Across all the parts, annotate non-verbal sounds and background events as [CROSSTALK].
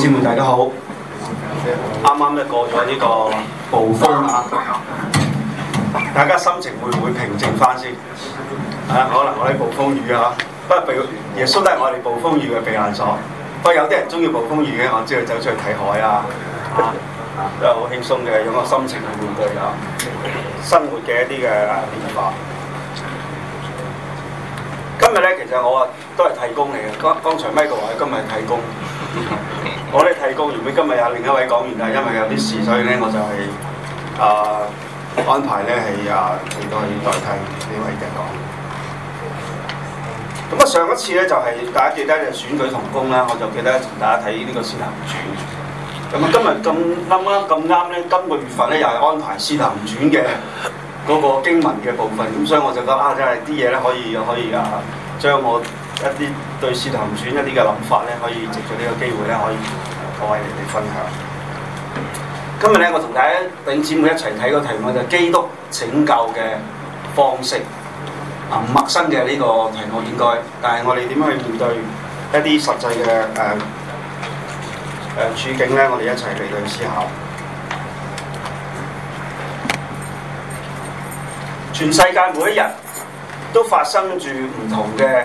僕們大家好，啱啱咧過咗呢個暴風啊，大家心情會唔會平靜翻先？啊，可能我哋暴風雨啊，不過避耶穌都係我哋暴風雨嘅避難所。不過有啲人中意暴風雨嘅，我知道走出去睇海啊，啊，都係好輕鬆嘅，用個心情去面對啊生活嘅一啲嘅變化。今日咧，其實我啊都係替工嚟嘅。剛剛才 Michael 話：今日係替工。我哋提供完，咁今日有另一位講員啦，因為有啲事，所以咧我就係、是、啊、呃、安排咧係啊幾多代替呢位嘅講員。咁啊，上一次咧就係、是、大家記得就選舉同工啦，我就記得同大家睇呢個傳《使徒行傳》。咁啊，今日咁啱啱咁啱咧，今、這個月份咧又係安排《使徒行傳》嘅嗰個經文嘅部分，咁所以我就覺得啊，真係啲嘢咧可以可以啊，將我一啲。對試圖選一啲嘅諗法咧，可以藉住呢個機會咧，可以同各位嚟分享。今日咧，我同大家弟兄姊妹一齊睇個題目就係基督拯救嘅方式，啊，陌生嘅呢個題目應該，但係我哋點樣去面對一啲實際嘅誒誒處境咧？我哋一齊嚟去思考。全世界每一日都發生住唔同嘅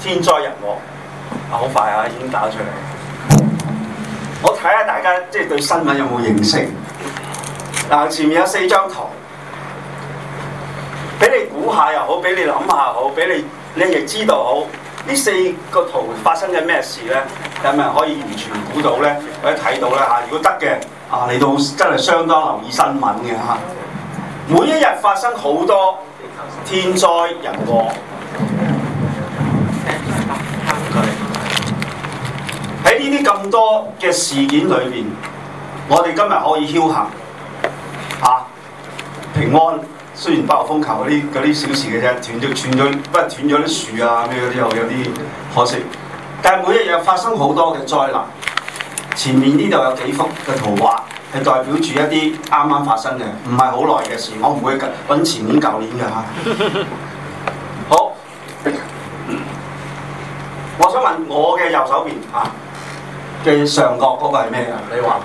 天災人禍，啊好快啊，已經打出嚟。我睇下大家即係對新聞有冇認識。嗱，前面有四張圖，俾你估下又好，俾你諗下又好，俾你你亦知道好。呢四個圖發生緊咩事咧？有冇可以完全估到咧？或者睇到咧嚇？如果得嘅，啊你都真係相當留意新聞嘅嚇。每一日發生好多天災人禍。喺呢啲咁多嘅事件裏邊，我哋今日可以逍行嚇平安。雖然北號風球嗰啲啲小事嘅啫，斷咗斷咗，不過斷咗啲樹啊，咩啲有有啲可惜。但係每一日發生好多嘅災難。前面呢度有幾幅嘅圖畫，係代表住一啲啱啱發生嘅，唔係好耐嘅事。我唔會揾前面年舊年㗎嚇。好，我想問我嘅右手邊嚇。啊嘅上角嗰個係咩啊？你話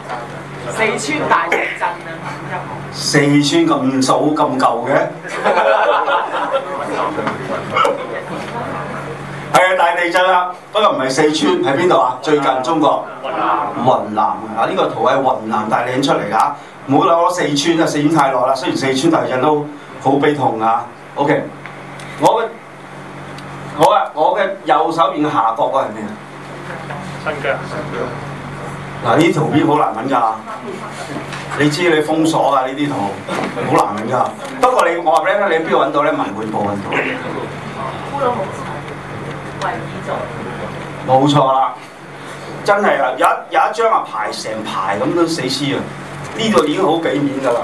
四川大地震啊！ [LAUGHS] 四川咁早咁 [LAUGHS] 舊嘅？係 [LAUGHS] 啊，大地震啊！不過唔係四川，喺邊度啊？南最近，中國雲南，雲南啊，呢個圖係雲南大地震出嚟噶，唔好諗四川啊！四川太耐啦。雖然四川大地震都好悲痛啊。OK，我嘅我啊，我嘅右手邊嘅下角嗰係咩啊？新疆，新疆、啊。嗱，呢啲圖片好難揾㗎， [LAUGHS] 你知你封鎖㗎呢啲圖，好難揾㗎。不 [LAUGHS] 過你我話俾你聽，你邊度揾到咧？民衆部揾到。冇錯啦，真係啊！有有一張啊，排成排咁都死屍啊！呢度已經好幾面㗎啦，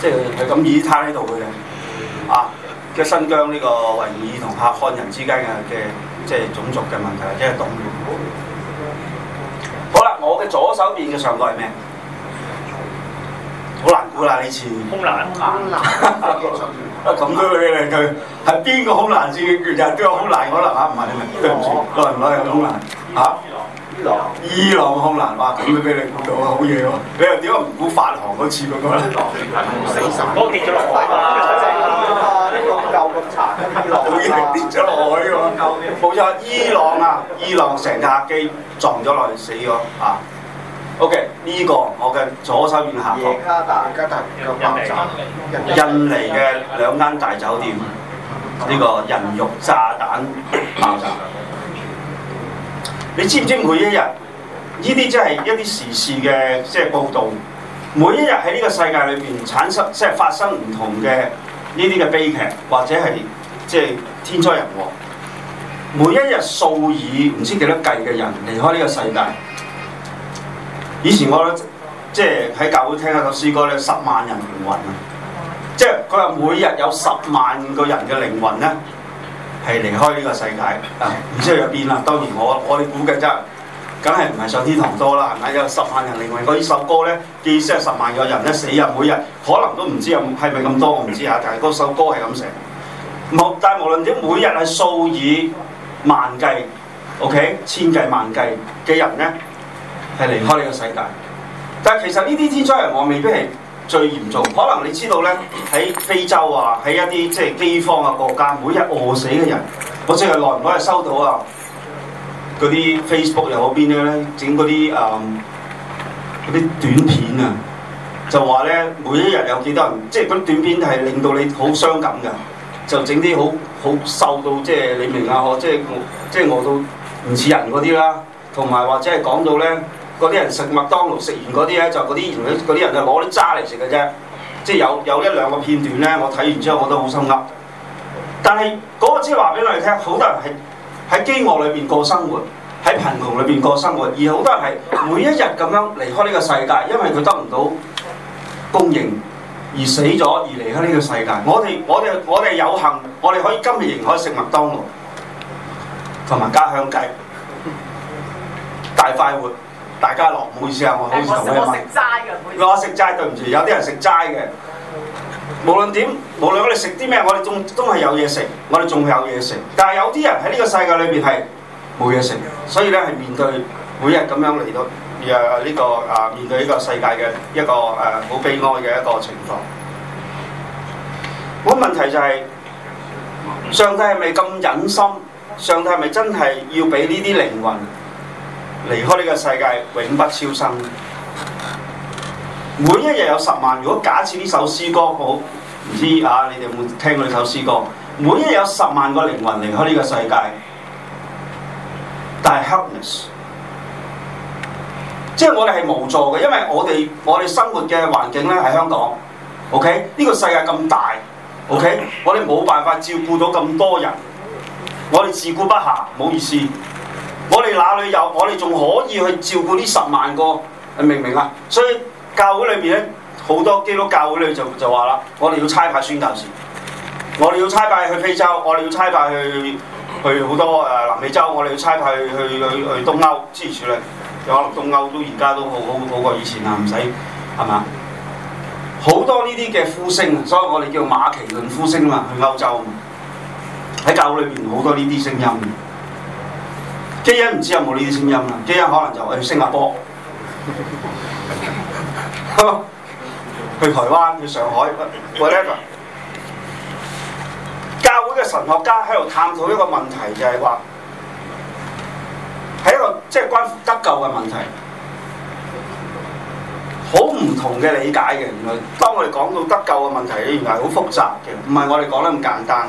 即係佢咁依攤呢度嘅。啊，嘅新疆呢個維吾爾同客漢人之間嘅嘅即係種族嘅問題，即係黨員左手邊嘅上角係咩？好難估啦呢次，空難，空難，啊咁，喂喂喂，係邊個空難事件？其實都有空難可能嚇，唔係，對唔住，可能攞係空難伊朗空難話咁，都俾你估到、 [LAUGHS] 哎、啊，好嘢喎！你又點解唔估法航嗰次嗰個咧？伊死神！我跌咗落去啊！呢個夠咁殘，伊朗跌咗落去冇錯，伊朗啊，伊朗成架機撞咗落去死咗啊。一 modo OK，呢、這個我嘅左手邊下角。伊拉克、伊拉克印尼嘅兩間大酒店，呢、這個人肉炸彈爆炸。一一你知唔知每一日呢啲即係一啲時事嘅即係報導，每一日喺呢個世界裏邊產生即係發生唔同嘅呢啲嘅悲劇，或者係即係天災人禍。每一日數以唔知幾多計嘅人離開呢個世界。以前我都即係喺教會聽一首詩歌咧，十萬人靈魂啊！即係佢話每日有十萬個人嘅靈魂咧。係離開呢個世界啊！然之後又變啦，當然我我哋估計真係，梗係唔係上天堂多啦，係咪有十萬人靈魂？嗰首歌呢，意思係十萬個人一死入，每日可能都唔知有係咪咁多，我唔知啊，但係嗰首歌係咁寫。但係無論點，每日係數以萬計，OK，千計萬計嘅人呢，係離開呢個世界。嗯、但係其實呢啲天災人禍未必係最嚴重，可能你知道呢，喺非洲啊，喺一啲即係饑荒嘅、啊、國家，每日餓死嘅人，我即係耐唔耐係收到啊嗰啲 Facebook 又嗰邊咧，整嗰啲誒啲短片啊，就話呢每一日有幾多人，即係嗰啲短片係令到你好傷感嘅，就整啲好好瘦到即係你明啊，即我即係即係餓到唔似人嗰啲啦，同埋或者係講到呢。嗰啲人食麥當勞食完嗰啲咧，就嗰啲啲人就攞啲渣嚟食嘅啫，即係有有一兩個片段咧，我睇完之後我都好心噏。但係嗰次話俾你聽，好多人係喺飢餓裏邊過生活，喺貧窮裏邊過生活，而好多人係每一日咁樣離開呢個世界，因為佢得唔到供應而死咗而離開呢個世界。我哋我哋我哋有幸，我哋可以今日仍可以食麥當勞同埋家鄉雞、大快活。大家樂，唔好意思啊！欸、我，我，吃我食齋嘅，唔好意思。嗱，我食齋，對唔住，有啲人食齋嘅。無論點，無論我哋食啲咩，我哋仲都係有嘢食，我哋仲係有嘢食。但係有啲人喺呢個世界裏邊係冇嘢食，所以咧係面對每日咁樣嚟到呀呢、呃這個啊、呃、面對呢個世界嘅一個誒好、呃、悲哀嘅一個情況。我問題就係、是、上帝係咪咁忍心？上帝係咪真係要俾呢啲靈魂？離開呢個世界永不超生。每一日有十萬，如果假設呢首詩歌好唔知啊，你哋會聽過呢首詩歌。每一日有十萬個靈魂離開呢個世界，但係 helpless，即係我哋係無助嘅，因為我哋我哋生活嘅環境咧喺香港。OK，呢個世界咁大。OK，我哋冇辦法照顧到咁多人，我哋自顧不暇，唔好意思。我哋哪裡有？我哋仲可以去照顧呢十萬個，你明唔明啊？所以教會裏面咧，好多基督教會裏就就話啦，我哋要差派宣教士，我哋要差派去非洲，我哋要差派去去好多誒、呃、南美洲，我哋要差派去去去，去，去東歐支持處理。」有又話東歐都而家都好好好過以前啦，唔使係嘛？好多呢啲嘅呼聲，所以我哋叫馬其頓呼聲嘛，去歐洲，喺教會裏面好多呢啲聲音。基恩唔知有冇呢啲聲音啊？基恩可能就去新加坡， [LAUGHS] [LAUGHS] 去台灣，去上海，whatever。教會嘅神學家喺度探討一個問題，就係、是、話，喺一個即係、就是、關乎得救嘅問題，好唔同嘅理解嘅。原來當我哋講到得救嘅問題，原來係好複雜嘅，唔係我哋講得咁簡單嘅。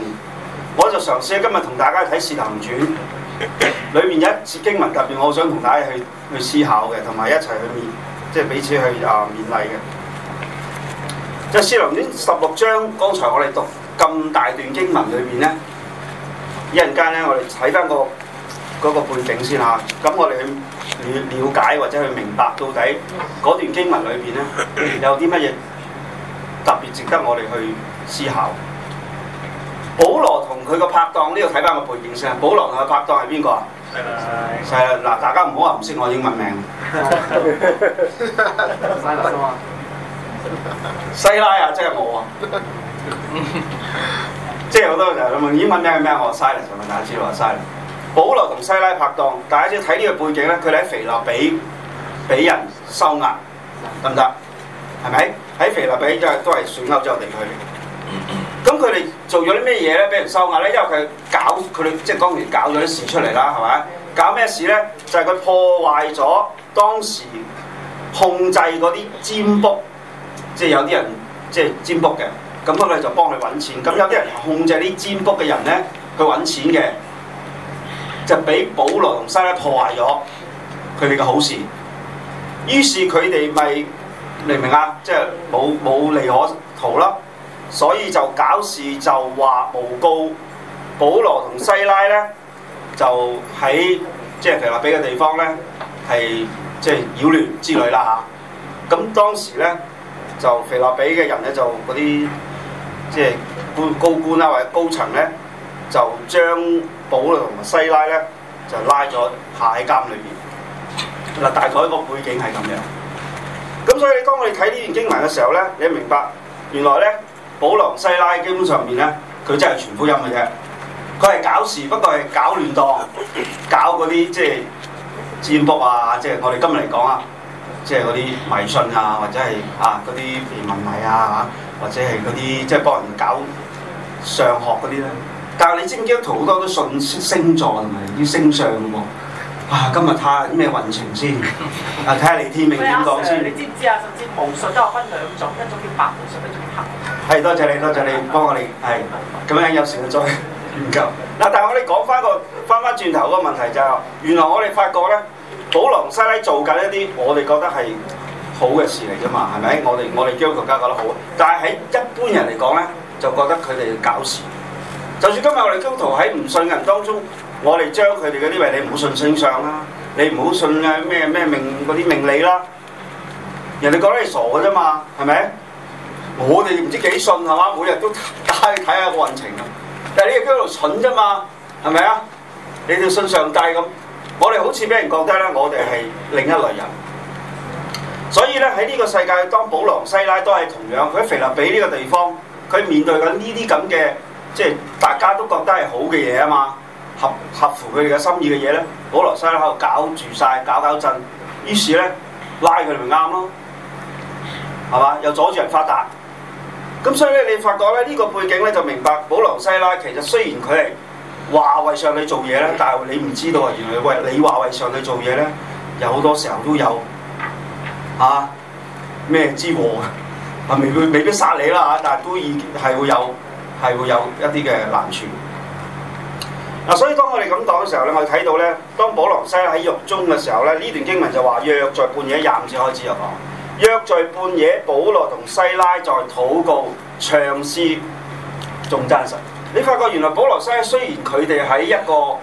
我就嘗試今日同大家睇《使徒行傳》。裏面有一次經文特別，我想同大家去去思考嘅，同埋一齊去面即係彼此去啊勉勵嘅。即係《詩篇》十六章，剛才我哋讀咁大段經文裏面咧，一陣間咧，我哋睇返個嗰個背景先吓。咁我哋去了解或者去明白到底嗰段經文裏面咧有啲乜嘢特別值得我哋去思考。保羅同佢個拍檔，呢度睇翻個背景先，保羅同佢拍檔係邊個啊？西拉係啊！嗱，大家唔好話唔識我英文名。 [LAUGHS] [LAUGHS] 西拉啊，即係我啊！即係好多時候英文名係咩？我西拉就問下諸位話西拉。保羅同西拉拍檔，大家注意睇呢個背景咧，佢哋喺腓立比俾人收押，得唔得？係咪喺腓立比即係都係西歐洲地區？咁佢哋做咗啲咩嘢咧？俾人收押咧，因為佢搞佢哋，即係當然搞咗啲事出嚟啦，係咪？搞咩事咧？就係、是、佢破壞咗當時控制嗰啲占卜，即、就、係、是、有啲人即係、就是、占卜嘅，咁佢哋就幫佢揾錢。咁有啲人控制啲占卜嘅人咧，佢揾錢嘅，就俾保羅同西咧破壞咗佢哋嘅好事。於是佢哋咪你明唔明啊？即係冇冇利可圖囉。所以就搞事就話誣告，保羅同西拉咧就喺即係腓立比嘅地方咧，係即係擾亂之類啦嚇。咁當時咧就腓立比嘅人咧就嗰啲即係官高官啦、啊，或者高層咧就將保羅同西拉咧就拉咗下喺監裏邊嗱。大概個背景係咁樣。咁所以你當我哋睇呢段經文嘅時候咧，你明白原來咧。保羅西拉基本上面咧，佢真係全福音嘅啫。佢係搞事，不過係搞亂檔，搞嗰啲即係占卜啊，即係我哋今日嚟講啊，即係嗰啲迷信啊，或者係啊嗰啲問米啊，或者係嗰啲即係幫人搞上學嗰啲咧。但係你知唔知有好多都信星星座同埋啲星相㗎喎？哇！今日睇咩運程先看看？啊，睇下你天命點講先。你知唔知啊？甚至巫術都有分兩種，一種叫白巫術，一、嗯、種叫黑。係多謝你，多謝你幫的我哋。係咁的的樣有時再唔夠。嗱的，但係我哋講翻個翻翻轉頭個問題就係、是，原來我哋發覺咧，保羅西拉做緊一啲我哋覺得係好嘅事嚟㗎嘛，係咪？我哋我哋基督徒家覺得好，但係喺一般人嚟講咧，就覺得佢哋搞事。就算今日我哋基督徒喺唔信人當中。我哋將佢哋嗰啲話，你唔好信星相啦，你唔好信啊咩咩命啲命理啦，人哋覺得你傻嘅啫嘛，係咪？我哋唔知幾信係嘛，每日都帶睇下個運程啊，但係你哋都喺度蠢啫嘛，係咪啊？你哋信上帝咁，我哋好似俾人覺得咧，我哋係另一類人，所以咧喺呢個世界，當保羅西拉都係同樣，佢喺腓立比呢個地方，佢面對緊呢啲咁嘅，即係大家都覺得係好嘅嘢啊嘛。合合乎佢哋嘅心意嘅嘢咧，保羅西拉喺度搞住晒，搞搞震，於是咧拉佢咪啱咯，係嘛？又阻住人發達，咁所以咧你發覺咧呢、這個背景咧就明白保羅西拉其實雖然佢係話為上帝做嘢咧，但係你唔知道啊，原來喂你話為上帝做嘢咧，有好多時候都有啊咩之禍啊！未必未必殺你啦嚇、啊，但係都已係會有係會有一啲嘅難處。嗱、啊，所以當我哋咁講嘅時候咧，我哋睇到咧，當保羅西喺獄中嘅時候咧，呢段經文就話約在半夜廿五字開始入講，約在半夜，保羅同西拉在禱告唱詩，仲讚神。真實你發覺原來保羅西雖然佢哋喺一個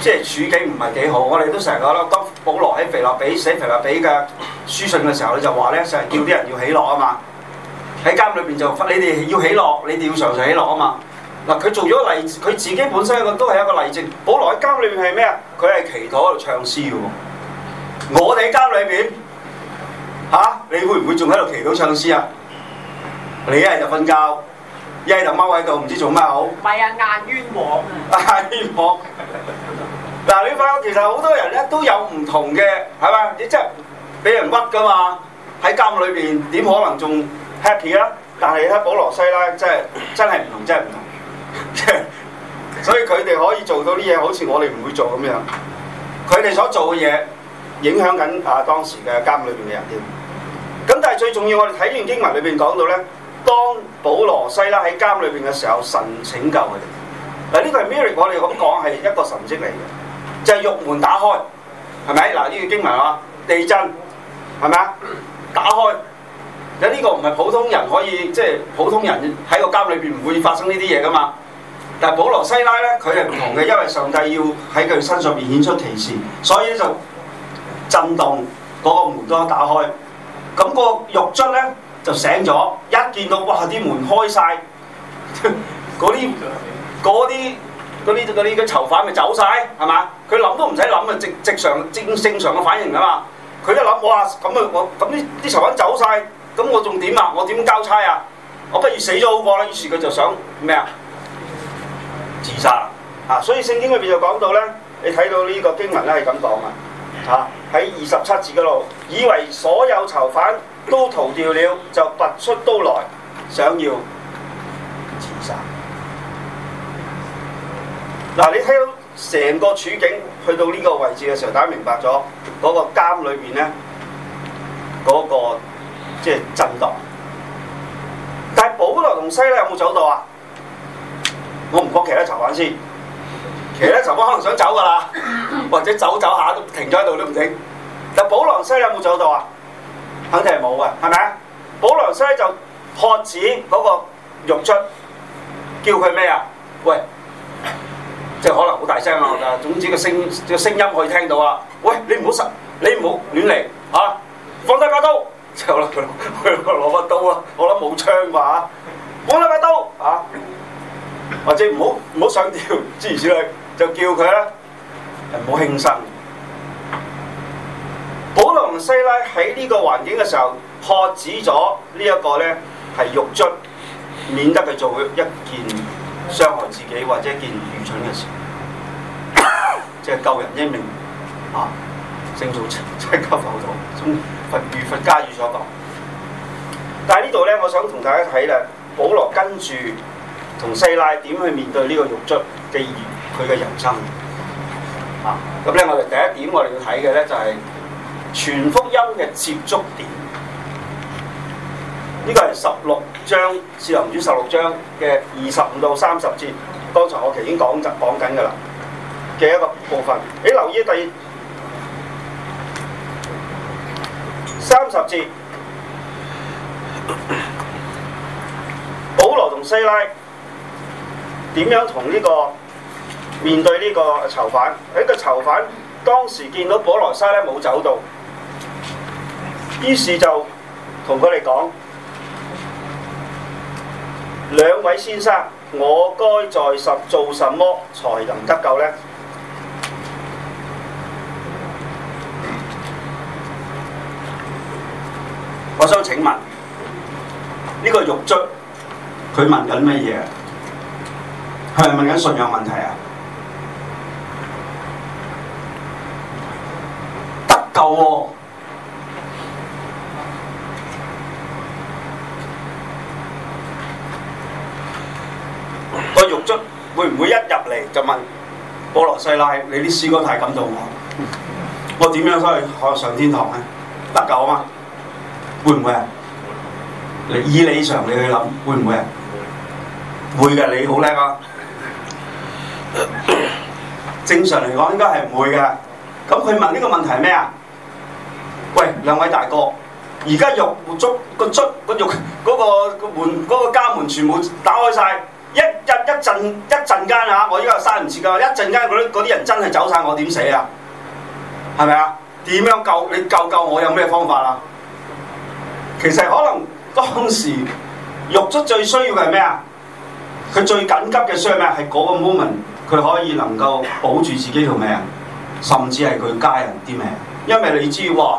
即係處境唔係幾好，我哋都成日覺得，當保羅喺腓立比寫腓立比嘅書信嘅時候你就話咧，成日叫啲人要喜樂啊嘛，喺監裏邊就發你哋要喜樂，你哋要常常喜樂啊嘛。嗱，佢做咗例子，佢自己本身一個都係一個例證。保羅喺監裏邊係咩啊？佢係祈禱喺度唱詩嘅喎。我哋喺監裏邊，嚇、啊，你會唔會仲喺度祈禱唱詩啊？你一係就瞓覺，一係就踎喺度唔知做咩好。唔係啊，硬冤枉啊， [LAUGHS] [LAUGHS] 你你冤枉！嗱，你發覺其實好多人咧都有唔同嘅，係咪？你即係俾人屈㗎嘛？喺監裏邊點可能仲 happy 啊？但係咧，保羅西咧真係真係唔同，真係唔同。即係，所以佢哋可以做到啲嘢，好似我哋唔會做咁樣。佢哋所做嘅嘢影響緊啊當時嘅監裏邊嘅人添。咁但係最重要，我哋睇完經文裏邊講到咧，當保羅西拉喺監裏邊嘅時候，神拯救佢哋。嗱呢個係 miracle，我哋咁講係一個神蹟嚟嘅，就係、是、獄門打開，係咪？嗱呢個經文啊，地震係咪啊？打開，有呢個唔係普通人可以即係、就是、普通人喺個監裏邊唔會發生呢啲嘢噶嘛？但係保羅西拉咧，佢係唔同嘅，因為上帝要喺佢身上面顯出奇事，所以就震動嗰、那個門都打開，咁、那個獄卒咧就醒咗，一見到哇啲門開晒，嗰啲啲啲啲囚犯咪走晒，係嘛？佢諗都唔使諗啊，直直常正正，正常嘅反應啊嘛。佢一諗哇咁啊我咁啲啲囚犯走晒，咁我仲點啊？我點交差啊？我不如死咗好過啦。於是佢就想咩啊？自殺啊！所以聖經裏邊就講到咧，你睇到呢個經文咧係咁講啊！喺二十七字嗰度，以為所有囚犯都逃掉了，就拔出刀來，想要自殺。嗱、啊，你睇到成個處境去到呢個位置嘅時候，大家明白咗嗰、那個監裏邊咧嗰個即係、就是、震盪。但係保羅同西咧有冇走到啊？我唔講其他囚犯先，其他囚犯可能想走噶啦，或者走走下都停咗喺度都唔停，但保羅西有冇走到啊？肯定係冇噶，係咪啊？保羅西就喝止嗰個獄卒，叫佢咩啊？喂，即係可能好大聲啊！總之個聲個聲音可以聽到啊！喂，你唔好實，你唔好亂嚟啊！放下把刀，就攞攞把刀啦！我諗冇槍啩，放低把刀啊！或者唔好唔好上吊，諸如此類，就叫佢啦，唔好輕生。保羅同西拉喺呢個環境嘅時候，喝止咗呢一個咧，係獄卒，免得佢做一件傷害自己或者一件愚蠢嘅事， [LAUGHS] 即係救人一命啊，勝造七級浮屠，從佛如佛家語所講。但係呢度咧，我想同大家睇啦，保羅跟住。同西拉點去面對呢個獄卒嘅佢嘅人生咁咧，啊、我哋第一點我，就是，我哋要睇嘅咧就係全福音嘅接觸點。呢、這個係十六章《聖經》主十六章嘅二十五到三十節。剛才我其實已經講緊講緊㗎啦嘅一個部分。你留意第三十節，保羅同西拉。點樣同呢個面對呢個囚犯？喺個囚犯當時見到保羅西拉冇走到，於是就同佢哋講：兩位先生，我該在什做什麼才能得救咧？我想請問呢個獄卒，佢問緊乜嘢？係問緊信仰問題啊！得救喎，個獄卒會唔會一入嚟就問保羅西拉，你啲詩歌太感動我，我點樣先可以上天堂咧？得救啊嘛，會唔會啊？以理常你去諗，會唔會啊？會嘅，你好叻啊！正常嚟講應該係唔會嘅，咁佢問呢個問題係咩啊？喂，兩位大哥，而家獄卒個粥、個肉、嗰個,個,個,個門個家門全部打開晒，一日一陣一陣間啊！我依家又閂唔切噶，一陣間嗰啲啲人真係走晒，我點死啊？係咪啊？點樣救你救救我？有咩方法啊？其實可能當時獄卒最需要嘅係咩啊？佢最緊急嘅需要咩？係嗰個 moment。佢可以能夠保住自己條命，甚至係佢家人啲命，因為你知喎，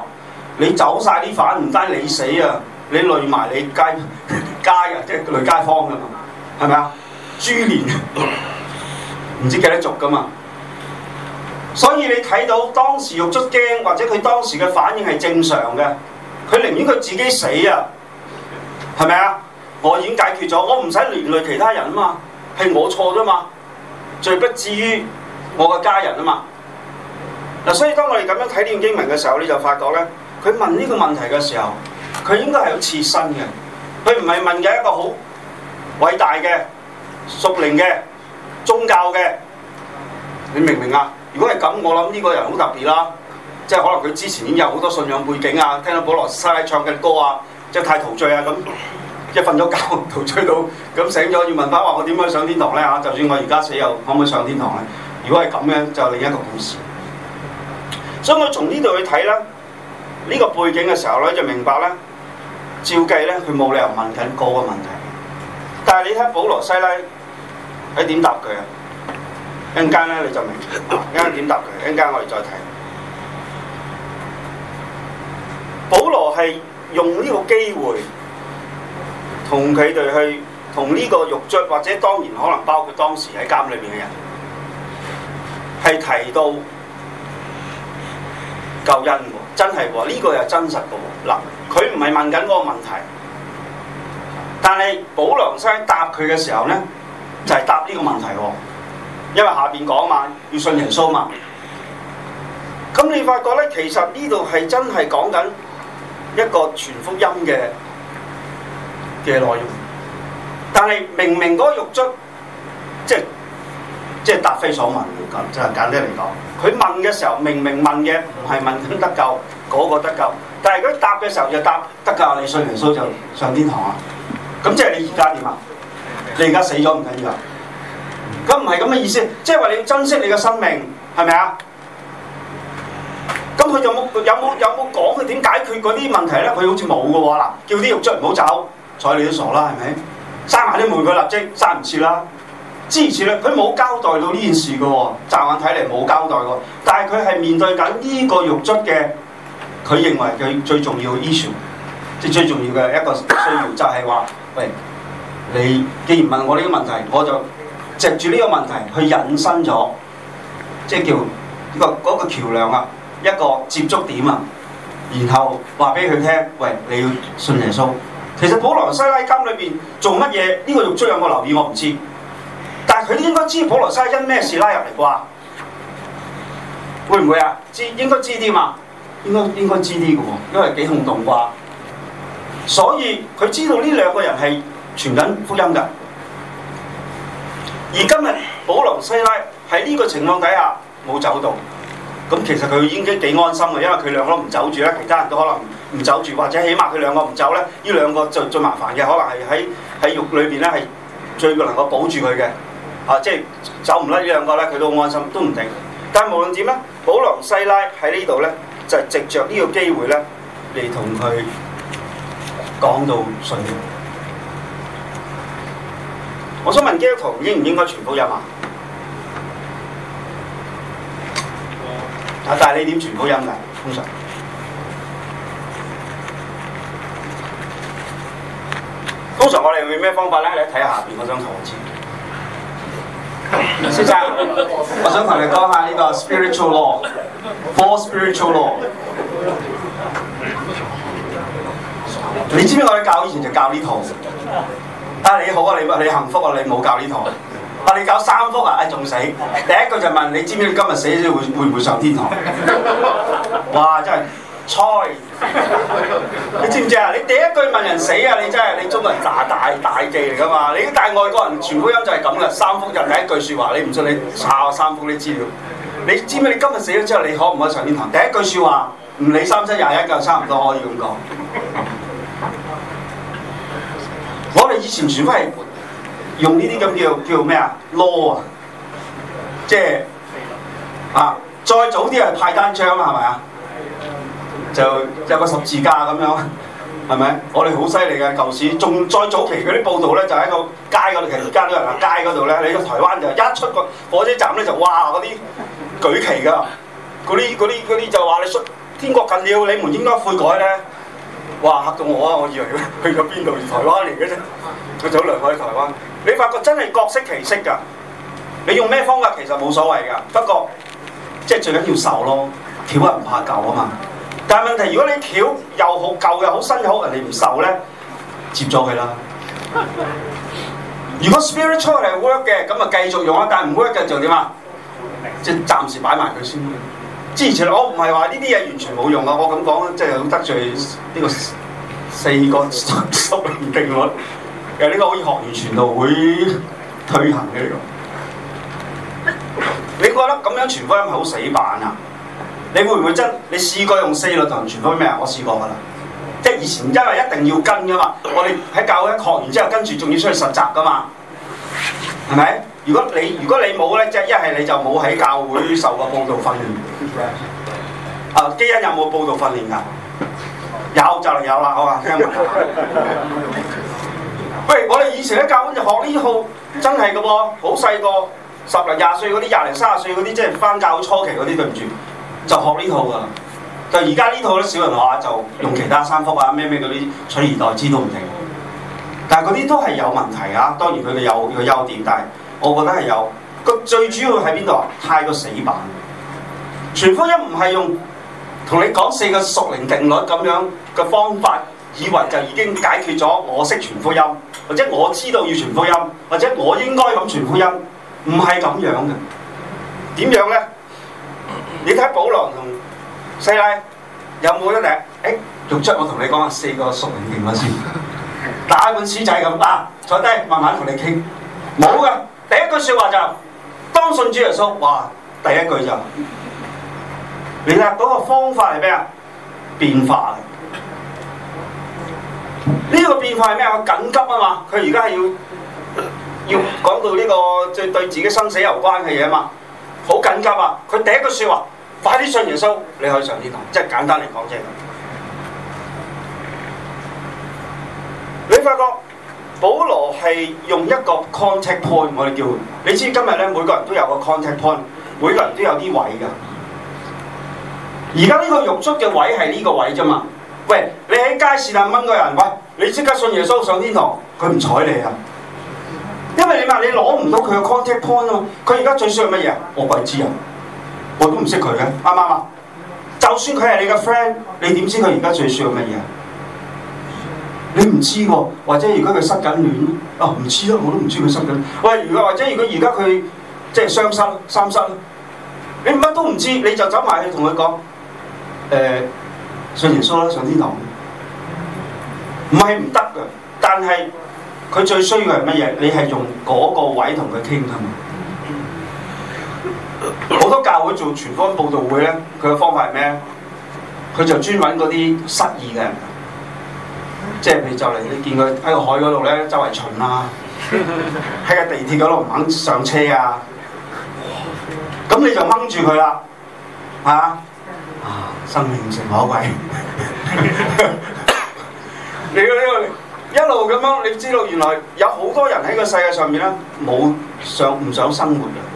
你走晒啲犯，唔單你死啊，你累埋你街街人，即係累街坊噶嘛，係咪啊？株連唔 [COUGHS] 知幾多族噶嘛，所以你睇到當時獄卒驚，或者佢當時嘅反應係正常嘅，佢寧願佢自己死啊，係咪啊？我已經解決咗，我唔使連累其他人啊嘛，係我錯啫嘛。最不至於我嘅家人啊嘛！嗱，所以當我哋咁樣睇呢個經文嘅時候，你就發覺咧，佢問呢個問題嘅時候，佢應該係好切身嘅，佢唔係問嘅一個好偉大嘅、屬靈嘅宗教嘅。你明唔明啊？如果係咁，我諗呢個人好特別啦，即係可能佢之前已經有好多信仰背景啊，聽到保羅西拉唱嘅歌啊，即係太陶醉啊咁。一瞓咗覺，陶醉到咁醒咗要問翻話我點樣上天堂咧嚇？就算我而家死又可唔可以上天堂咧？如果係咁樣，就另一個故事。所以我從呢度去睇啦，呢、呢個背景嘅時候咧就明白咧，照計咧佢冇理由問緊嗰個問題。但係你睇保羅西拉，佢點答佢啊？一陣間咧你就明，一陣間點答佢？一陣間我哋再睇。保羅係用呢個機會。同佢哋去，同呢個獄卒，或者當然可能包括當時喺監裏邊嘅人，係提到救恩喎，真係喎，呢、這個又真實嘅喎。嗱，佢唔係問緊嗰個問題，但係保羅西拉答佢嘅時候咧，就係、是、答呢個問題喎。因為下邊講嘛，要信耶穌嘛。咁你發覺咧，其實呢度係真係講緊一個全福音嘅。嘅內容，但係明明嗰個獄卒，即係即係答非所問咁，就係簡單嚟講，佢問嘅時候明明問嘅唔係問點得救，嗰個得救，但係佢答嘅時候就答得救，你信耶穌就上天堂啦。咁即係你而家點啊？你而家死咗唔緊要啊？咁唔係咁嘅意思，即係話你要珍惜你嘅生命，係咪啊？咁佢有冇有冇有冇講佢點解決嗰啲問題咧？佢好似冇嘅喎，嗱，叫啲獄卒唔好走。睬你都傻啦，係咪？閂埋啲門，佢立即閂唔切啦。支持咧，佢冇交代到呢件事嘅喎，驟眼睇嚟冇交代過。但係佢係面對緊呢個獄卒嘅，佢認為佢最重要嘅 issue，即係最重要嘅一個需要，就係話：喂，你既然問我呢個問題，我就藉住呢個問題去引申咗，即係叫呢個嗰個橋梁啊，一個接觸點啊，然後話俾佢聽：喂，你要信耶穌。其實保羅西拉監裏邊做乜嘢？呢、這個獄卒有冇留意？我唔知。但係佢應該知保羅西拉因咩事拉入嚟啩？會唔會啊？知應該知啲嘛？應該應該知啲嘅喎，因為幾轟動啩。所以佢知道呢兩個人係傳緊福音㗎。而今日保羅西拉喺呢個情況底下冇走動，咁其實佢應該幾安心嘅，因為佢兩個都唔走住咧，其他人都可能。唔走住，或者起碼佢兩個唔走咧，呢兩個最最麻煩嘅，可能係喺喺獄裏邊咧，係最能夠保住佢嘅。啊，即係走唔甩呢兩個咧，佢都好安心，都唔定。但係無論點咧，保羅西拉喺呢度咧，就係藉着呢個機會咧，嚟同佢講到信。我想問基督徒，應唔應該全部飲啊？啊、嗯，但係你點全部飲㗎？通常？通常我哋用咩方法咧？你睇下下邊嗰張圖片， [LAUGHS] 先生，我想同你講下呢、這個 Spiritual Law, Four Spiritual Law。 [LAUGHS] 你知唔知我哋教以前就教呢套？但、啊、你好啊你，你幸福啊，你冇教呢套。但、啊、你教三福啊，唉、哎、仲死！ [LAUGHS] 第一個就問你，知知你，知唔知今日死會會唔會上天堂？ [LAUGHS] 哇！真係～猜，菜 [LAUGHS] 你知唔知啊？你第一句問人死啊？你真係你中國人大大大忌嚟噶嘛？你大外國人全福音就係咁噶，三福人第一句説話，你唔信你查下三福啲資料。你知唔知你今日死咗之後，你可唔可以上天堂？第一句説話，唔理三七廿一，就差唔多可以咁講。我 [LAUGHS] 哋以前全部係用呢啲咁叫叫咩啊？Law 啊，即係、就是、啊，再早啲係派單張啦，係咪啊？就有個十字架咁樣，係咪？我哋好犀利嘅舊時，仲再早期嗰啲報道咧，就喺、是、個街嗰度，其實而家都有人喺街嗰度咧。你去台灣就一出個火車站咧，就哇嗰啲舉旗噶，嗰啲啲啲就話你説天國近了，你們應該悔改咧。哇嚇到我啊！我以為去咗邊度？台灣嚟嘅啫，佢走兩步喺台灣。你發覺真係各式其式㗎。你用咩方法其實冇所謂㗎。不過即係最緊要受咯，挑人唔怕教啊嘛。但係問題，如果你巧又好舊又好新又好，人哋唔受呢，接咗佢啦。 [LAUGHS] 如果 spirituality work 嘅，咁啊繼續用啊。但係唔 work 嘅就點啊？即係暫時擺埋佢先。之前，前我唔係話呢啲嘢完全冇用啊，我咁講咧，即係得罪呢、這個四個屬靈定律。其實呢個可以學完全到會推行嘅呢、這個。你覺得咁樣傳翻係咪好死板啊？你會唔會真？你試過用四律同傳福音咩啊？我試過噶啦，即係以前因為一定要跟噶嘛，我哋喺教會學完之後跟住仲要出去實習噶嘛，係咪？如果你如果你冇咧，即係一係你就冇喺教會受過佈道訓練，啊，基恩有冇佈道訓練噶？有就係有啦，好嘛？聽聞啊 [LAUGHS] 喂，我哋以前喺教會就學呢套，真係噶噃，好細個十零廿歲嗰啲，廿零卅歲嗰啲，即係翻教會初期嗰啲，對唔住。就學呢套噶，就而家呢套咧少人話，就用其他三幅啊，咩咩嗰啲取而代之都唔定。但係嗰啲都係有問題啊，當然佢嘅有佢優點，但係我覺得係有個最主要喺邊度啊？太過死板。傳福音唔係用同你講四個屬靈定律咁樣嘅方法，以為就已經解決咗我識傳福音，或者我知道要傳福音，或者我應該咁傳福音，唔係咁樣嘅。點樣咧？你睇保郎同四麗有冇得搣？誒，玉珠，我同你講四個熟人點樣先？打一本書仔咁啊，坐低慢慢同你傾。冇嘅，第一句説話就是、當信主耶穌。哇，第一句話就是、你睇到個方法係咩啊？變化啊！呢、這個變化係咩啊？緊急啊嘛，佢而家係要要講到呢、這個最對自己生死有關嘅嘢啊嘛，好緊急啊！佢第一句説話。快啲信耶穌，你可以上天堂。即係簡單嚟講啫。你發覺保羅係用一個 contact point，我哋叫你知今日咧每個人都有個 contact point，每個人都有啲位㗎。而家呢個獄卒嘅位係呢個位啫嘛。喂，你喺街市度問個人，喂，你即刻信耶穌上天堂，佢唔睬你啊。因為你話你攞唔到佢嘅 contact point 啊嘛。佢而家最需要乜嘢？我鬼知啊。我都唔識佢嘅，啱唔啱啊？就算佢係你嘅 friend，你點知佢而家最需要乜嘢？你唔知喎，或者而家佢失緊戀哦，唔知啊，我都唔知佢失緊。喂，如果或者如果而家佢即係傷心、三失，你乜都唔知，你就走埋去同佢講，誒，信耶穌啦，上天堂。唔係唔得嘅，但係佢最需要係乜嘢？你係用嗰個位同佢傾啊嘛。好多教會做全方位報道會咧，佢嘅方法係咩？佢就專揾嗰啲失意嘅人。即係譬如就嚟你見佢喺個海嗰度咧，周圍巡啦，啊，喺個地鐵嗰度唔肯上車啊，咁你就掹住佢啦，啊，生命誠可貴，你呢個一路咁樣，你知道原來有好多人喺個世界上面咧，冇想唔想生活嘅。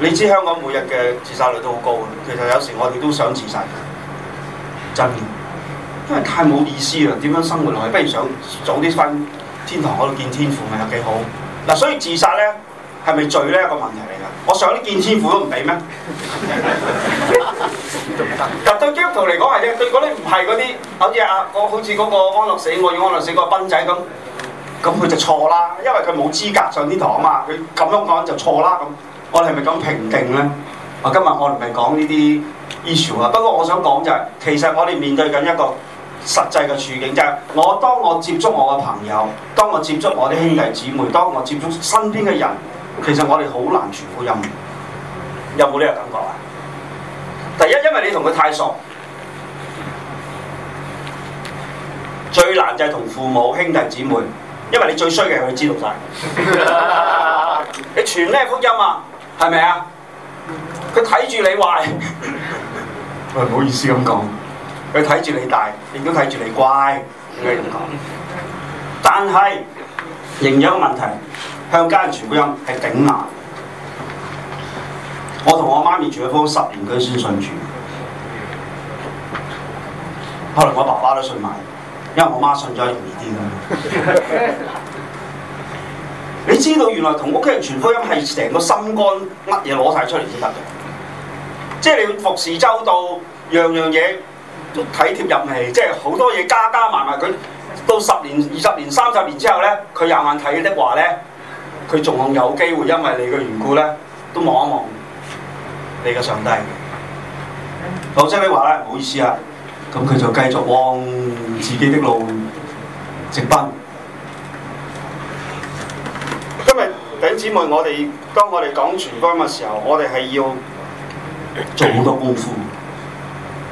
你知香港每日嘅自殺率都好高嘅，其實有時我哋都想自殺，真嘅，因為太冇意思啊！點樣生活落去，不如想早啲返天堂嗰度見天父咪有幾好？嗱、啊，所以自殺咧係咪罪咧一個問題嚟㗎？我上啲見天父都唔俾咩？ [LAUGHS] [LAUGHS] 但對基督徒嚟講係啫，對嗰啲唔係嗰啲，好似阿、啊、我好似嗰個安樂死，我要安樂死個斌仔咁，咁佢就錯啦，因為佢冇資格上天堂啊嘛，佢咁樣講就錯啦咁。我哋係咪講評定咧？今我今日我唔係講呢啲 issue 啊。不過我想講就係、是，其實我哋面對緊一個實際嘅處境，就係、是、我當我接觸我嘅朋友，當我接觸我啲兄弟姐妹，當我接觸身邊嘅人，其實我哋好難傳福音。有冇呢個感覺啊？第一，因為你同佢太熟，最難就係同父母、兄弟姐妹，因為你最衰嘅係佢知道晒， [LAUGHS] [LAUGHS] 你傳咩福音啊？係咪啊？佢睇住你壞 [LAUGHS] 喂，唔好意思咁講。佢睇住你大，亦都睇住你乖。點解咁講？ [LAUGHS] 但係仍有個問題，向家人傳福音係頂硬。我同我媽咪住咗鋪十年居先信主，後來我爸爸都信埋，因為我媽信咗容易啲啊。 [LAUGHS] 你知道原來同屋企人傳福音係成個心肝乜嘢攞晒出嚟先得嘅，即係你要服侍周到，樣樣嘢體貼入微，即係好多嘢加加埋埋，佢到十年、二十年、三十年之後咧，佢有眼睇的話咧，佢仲有機會因為你嘅緣故咧，都望一望你嘅上帝。嗯、老張你話咧，唔好意思啊，咁佢就繼續往自己的路直奔。弟兄姊妹，我哋當我哋講傳福音嘅時候，我哋係要做好多功夫。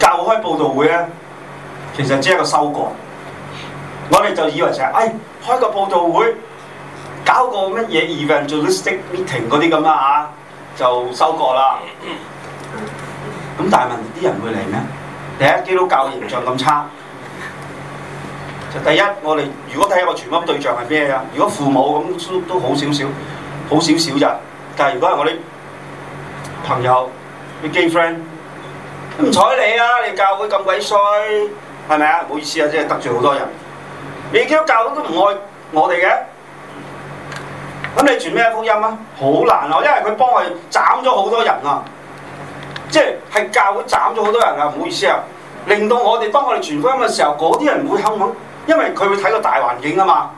教會開佈道會咧，其實只係一個收割。我哋就以為成日哎，開個佈道會，搞個乜嘢 event，做啲 s meeting 嗰啲咁啦嚇，就收割啦。咁但係問啲人會嚟咩？第一基督教形象咁差，就第一我哋如果睇下個傳福音對象係咩啊？如果父母咁都都好少少。好少少咋？但係如果係我啲朋友啲 gay friend 唔睬你啊！你教會咁鬼衰，係咪啊？唔好意思啊，即係得罪好多人。你而家教會都唔愛我哋嘅，咁你傳咩福音啊？好難啊！因為佢幫我哋斬咗好多人啊，即係係教會斬咗好多人啊！唔好意思啊，令到我哋幫我哋傳福音嘅時候，嗰啲人唔會肯揾，因為佢會睇個大環境啊嘛。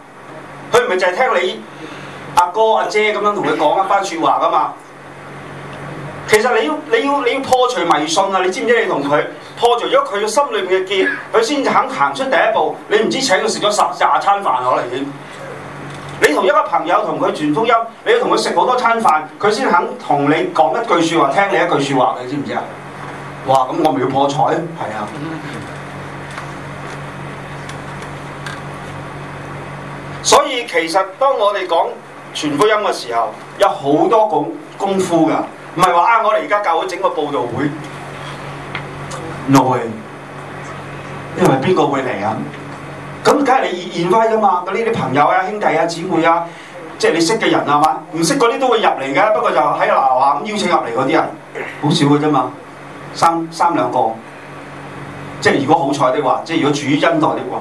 佢唔係淨係聽你。阿哥阿姐咁樣同佢講一番説話噶嘛，其實你要你要你要破除迷信啊！你知唔知你同佢破除咗佢心裏邊嘅結，佢先肯行出第一步。你唔知請佢食咗十廿餐飯可能已經，你同一個朋友同佢傳福音，你要同佢食好多餐飯，佢先肯同你講一句説話，聽你一句説話，你知唔知啊？哇！咁我咪要破財？係啊。所以其實當我哋講。傳福音嘅時候，有好多功功夫噶，唔係話啊！我哋而家教會整個報道會內，no、因為邊個會嚟啊？咁梗係嚟現現開噶嘛！咁呢啲朋友啊、兄弟啊、姐妹啊，即係你識嘅人啊嘛，唔識嗰啲都會入嚟嘅，不過就喺嗱嗱咁邀請入嚟嗰啲人，好少嘅啫嘛，三三兩個。即係如果好彩嘅話，即係有主恩在嘅話。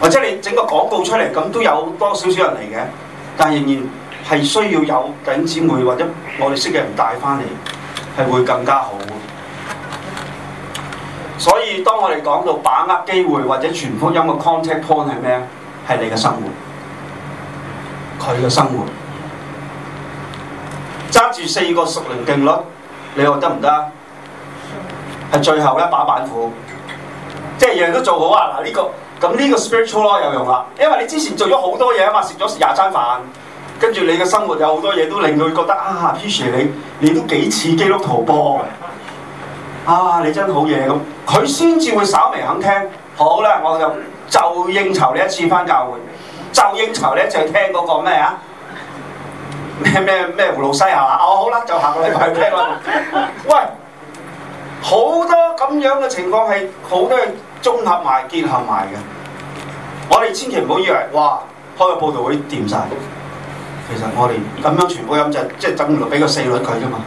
或者你整個廣告出嚟咁都有多少少人嚟嘅，但仍然係需要有弟兄姊妹或者我哋識嘅人帶返嚟，係會更加好。所以當我哋講到把握機會或者全福音嘅 contact point 係咩啊？係你嘅生活，佢嘅生活，揸住四個熟齡定律，你話得唔得啊？係最後一把板斧，即係樣樣都做好啊！嗱、這、呢個。咁呢個 spiritual law，有用啦，因為你之前做咗好多嘢啊嘛，食咗廿餐飯，跟住你嘅生活有好多嘢都令到佢覺得啊，Peter，你你都幾似基督徒噃，啊你真好嘢咁，佢先至會稍微肯聽。好啦，我就就應酬你一次翻教會，就應酬你一次聽嗰個咩啊咩咩咩胡老西係嘛？哦好啦，就行過嚟佢聽啦。喂，好多咁樣嘅情況係好多。綜合埋結合埋嘅，我哋千祈唔好以為哇開個報道會掂晒。其實我哋咁樣傳福音就即係整嚟俾個四輪佢㗎嘛，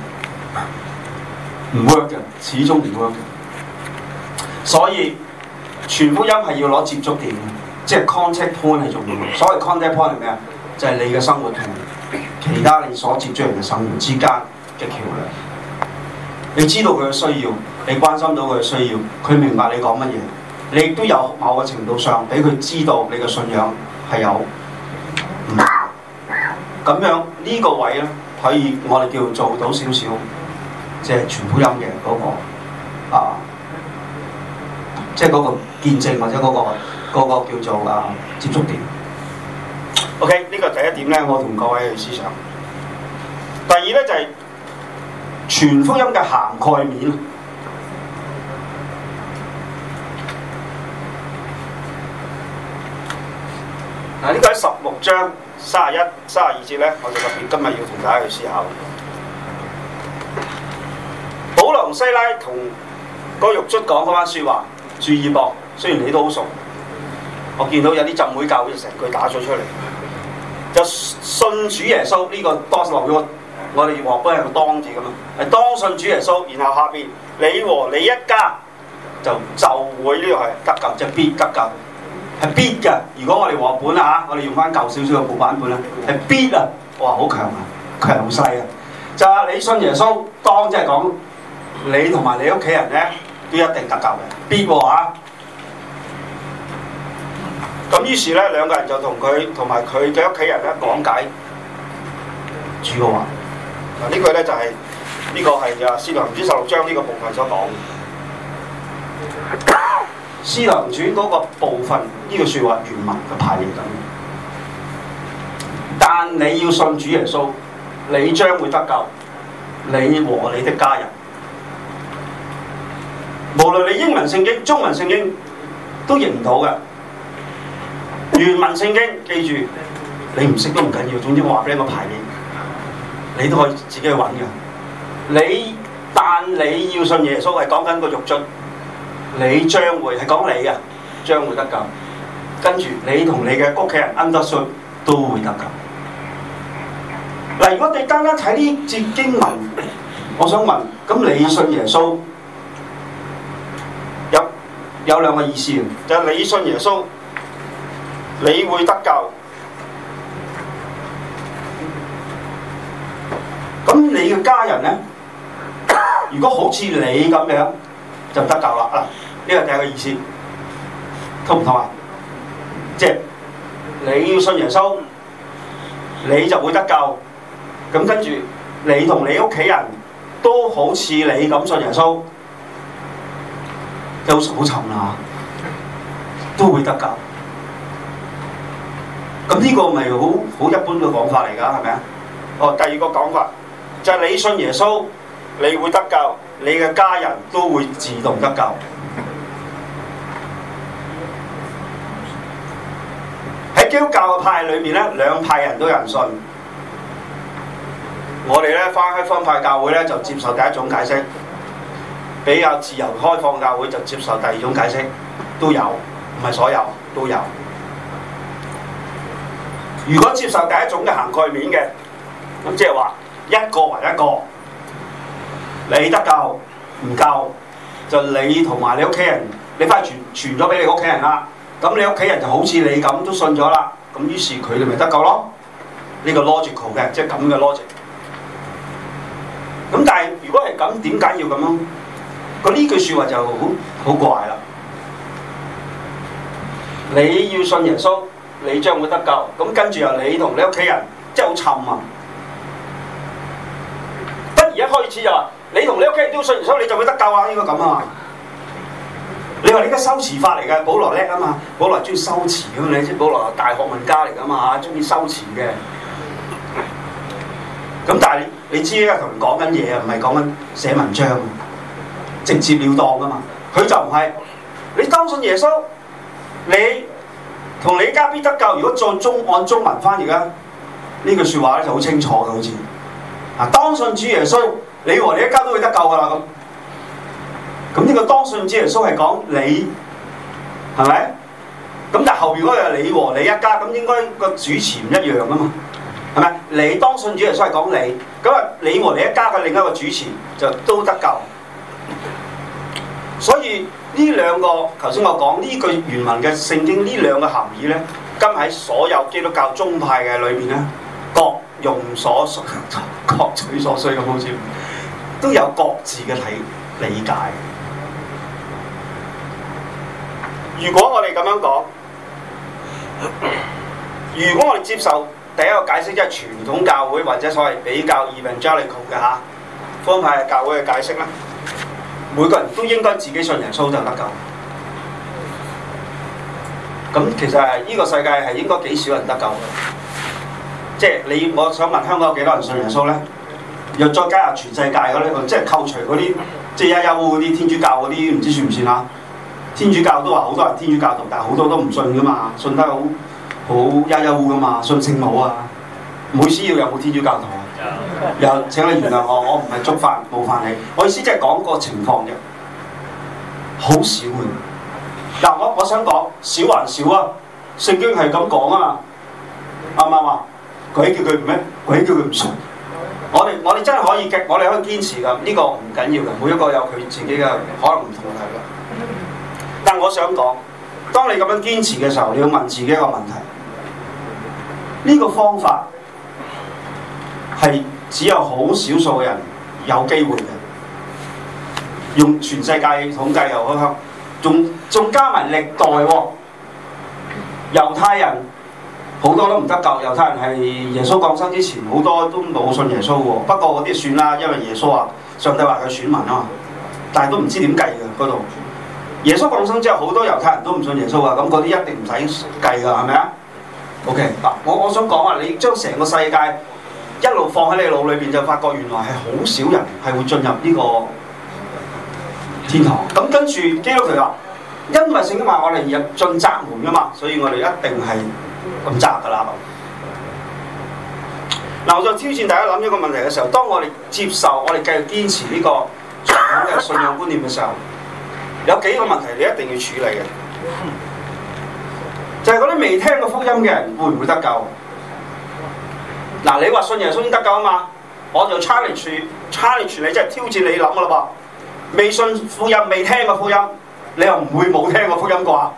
唔 work 嘅，始終唔 work 嘅。所以傳福音係要攞接觸點嘅，即係 contact point 係重要。所謂 contact point 係咩啊？就係你嘅生活同其他你所接觸人嘅生活之間嘅橋梁。你知道佢嘅需要，你關心到佢嘅需要，佢明白你講乜嘢。你亦都有某個程度上俾佢知道你嘅信仰係有，咁樣呢個位咧可以我哋叫做做到少少，即係全福音嘅嗰個啊，即係嗰個見證或者嗰個嗰個叫做啊接觸點。OK，呢個第一點咧，我同各位去思想。第二咧就係全福音嘅涵蓋面。嗱，呢個喺十六章三十一、三十二節咧，我就特別今日要同大家去思考。保羅同西拉同個獄卒講嗰番説話，注意噃，雖然你都好熟，我見到有啲浸會教會成句打咗出嚟，就信主耶穌呢個當落去，我哋王君係當字咁啊，係當信主耶穌，然後下邊你和你一家就就會呢個係得救，即係必得救。係必嘅。如果我哋和本啊我哋用翻舊少少嘅舊版本咧，係必啊！哇，好強啊，強勢啊！就係你信耶穌，當即係講你同埋你屋企人咧，都一定得救嘅。必嘅、啊、話，咁、啊、於是咧，兩個人就同佢同埋佢嘅屋企人咧講解主嘅話。嗱，呢句咧就係呢個係啊《使徒行傳》十六章呢個部分所講。 [COUGHS] 私良主嗰個部分，呢個説話原文嘅排列咁。但你要信主耶穌，你將會得救，你和你的家人，無論你英文聖經、中文聖經都認唔到嘅。原文聖經，記住你唔識都唔緊要，總之話俾你個排列，你都可以自己去揾嘅。你但你要信耶穌，係講緊個獄卒。你將會係講你嘅將會得救，跟住你同你嘅屋企人安德信都會得救。嗱，如果你單單睇呢節經文，我想問：咁你信耶穌有有兩個意思？就係、是、你信耶穌，你會得救。咁你嘅家人呢？如果好似你咁樣，就得救啦。呢個係第一個意思，通唔通啊？即係你要信耶穌，你就會得救。咁跟住，你同你屋企人都好似你咁信耶穌，有好襯啊，都會得救。咁呢個咪好好一般嘅講法嚟㗎，係咪啊？哦，第二個講法就係、是、你信耶穌，你會得救，你嘅家人都會自動得救。喺基督教嘅派裏面咧，兩派人都有人信。我哋咧翻去分派教會咧就接受第一種解釋，比較自由開放教會就接受第二種解釋，都有，唔係所有都有。如果接受第一種嘅涵蓋面嘅，咁即係話一個還一個，你得救唔救，就你同埋你屋企人，你翻去傳傳咗俾你屋企人啦。咁你屋企人就好似你咁都信咗啦，咁於是佢哋咪得救咯？呢個 logical 嘅，即係咁嘅 logic。咁但係如果係咁，點解要咁樣？咁呢句説話就好好怪啦！你要信耶穌，你將會得救。咁跟住又你同你屋企人，即係好沉悶啊！不如一開始就話你同你屋企人都信耶穌，你就會得救啊！應該咁啊！你話你而家修辭法嚟嘅，保羅叻啊嘛，保羅中意修辭啊嘛，你知保羅大學問家嚟噶嘛嚇，中意修辭嘅。咁但係你知啊，同人講緊嘢啊，唔係講緊寫文章直截了當啊嘛。佢就唔係你當信耶穌，你同你家必得救。如果再中按中文翻譯咧，呢句説話咧就好清楚嘅，好似啊，當信主耶穌，你和你一家都會得救㗎啦咁。咁呢個當信主耶穌係講你，係咪？咁但後邊嗰個係你和你一家，咁應該個主持唔一樣啊嘛？係咪？你當信主耶穌係講你，咁啊你和你一家嘅另一個主持就都得救。所以呢兩個頭先我講呢句原文嘅聖經呢兩個含義咧，今喺所有基督教宗派嘅裏面咧，各用所需、各取所需咁，好似都有各自嘅理理解。如果我哋咁樣講，如果我哋接受第一個解釋，即係傳統教會或者所謂比較 Evangelical 嘅嚇，方派嘅教會嘅解釋咧，每個人都應該自己信耶穌就得㗎。咁其實係呢個世界係應該幾少人得救嘅？即係你，我想問香港有幾多人信耶穌咧？又再加入全世界嗰啲，即係扣除嗰啲即係一休啲天主教嗰啲，唔知算唔算啊？.天主教都話好多人天主教徒，但係好多都唔信噶嘛，信得好好幽幽噶嘛，信聖母啊，每好要有冇天主教徒啊？又有。 [LAUGHS] 請你原諒我，我唔係觸犯冒犯你，我意思即係講個情況啫，好少嘅。嗱，我我想講少還少啊，聖經係咁講啊嘛，啱唔啱話鬼叫佢唔咩？鬼叫佢唔信。我哋我哋真係可以嘅，我哋可以堅持㗎，呢、這個唔緊要嘅，每一個有佢自己嘅可能唔同嘅。但我想講，當你咁樣堅持嘅時候，你要問自己一個問題：呢、這個方法係只有好少數人有機會嘅。用全世界統計又好，仲仲加埋歷代喎、啊，猶太人好多都唔得救。猶太人係耶穌降生之前，好多都冇信耶穌嘅喎。不過嗰啲算啦，因為耶穌話上帝話佢選民啊嘛。但係都唔知點計㗎嗰度。耶穌降生之後，好多猶太人都唔信耶穌啊！咁嗰啲一定唔使計噶，係咪啊？OK，嗱，我我想講話，你將成個世界一路放喺你腦裏邊，就發覺原來係好少人係會進入呢個天堂。咁跟住，基督徒就話：因為聖經話啊嘛，我哋要進窄門噶嘛，所以我哋一定係咁窄噶啦。嗱，我就挑戰大家諗一個問題嘅時候，當我哋接受，我哋繼續堅持呢個傳統嘅信仰觀念嘅時候。有幾個問題你一定要處理嘅，就係嗰啲未聽過福音嘅人會唔會得救？嗱，你話信耶穌先得救啊嘛，我就 challenge challenge 你，即係挑戰你諗噶啦噃。未信福音、未聽過福音，你又唔會冇聽過福音啩？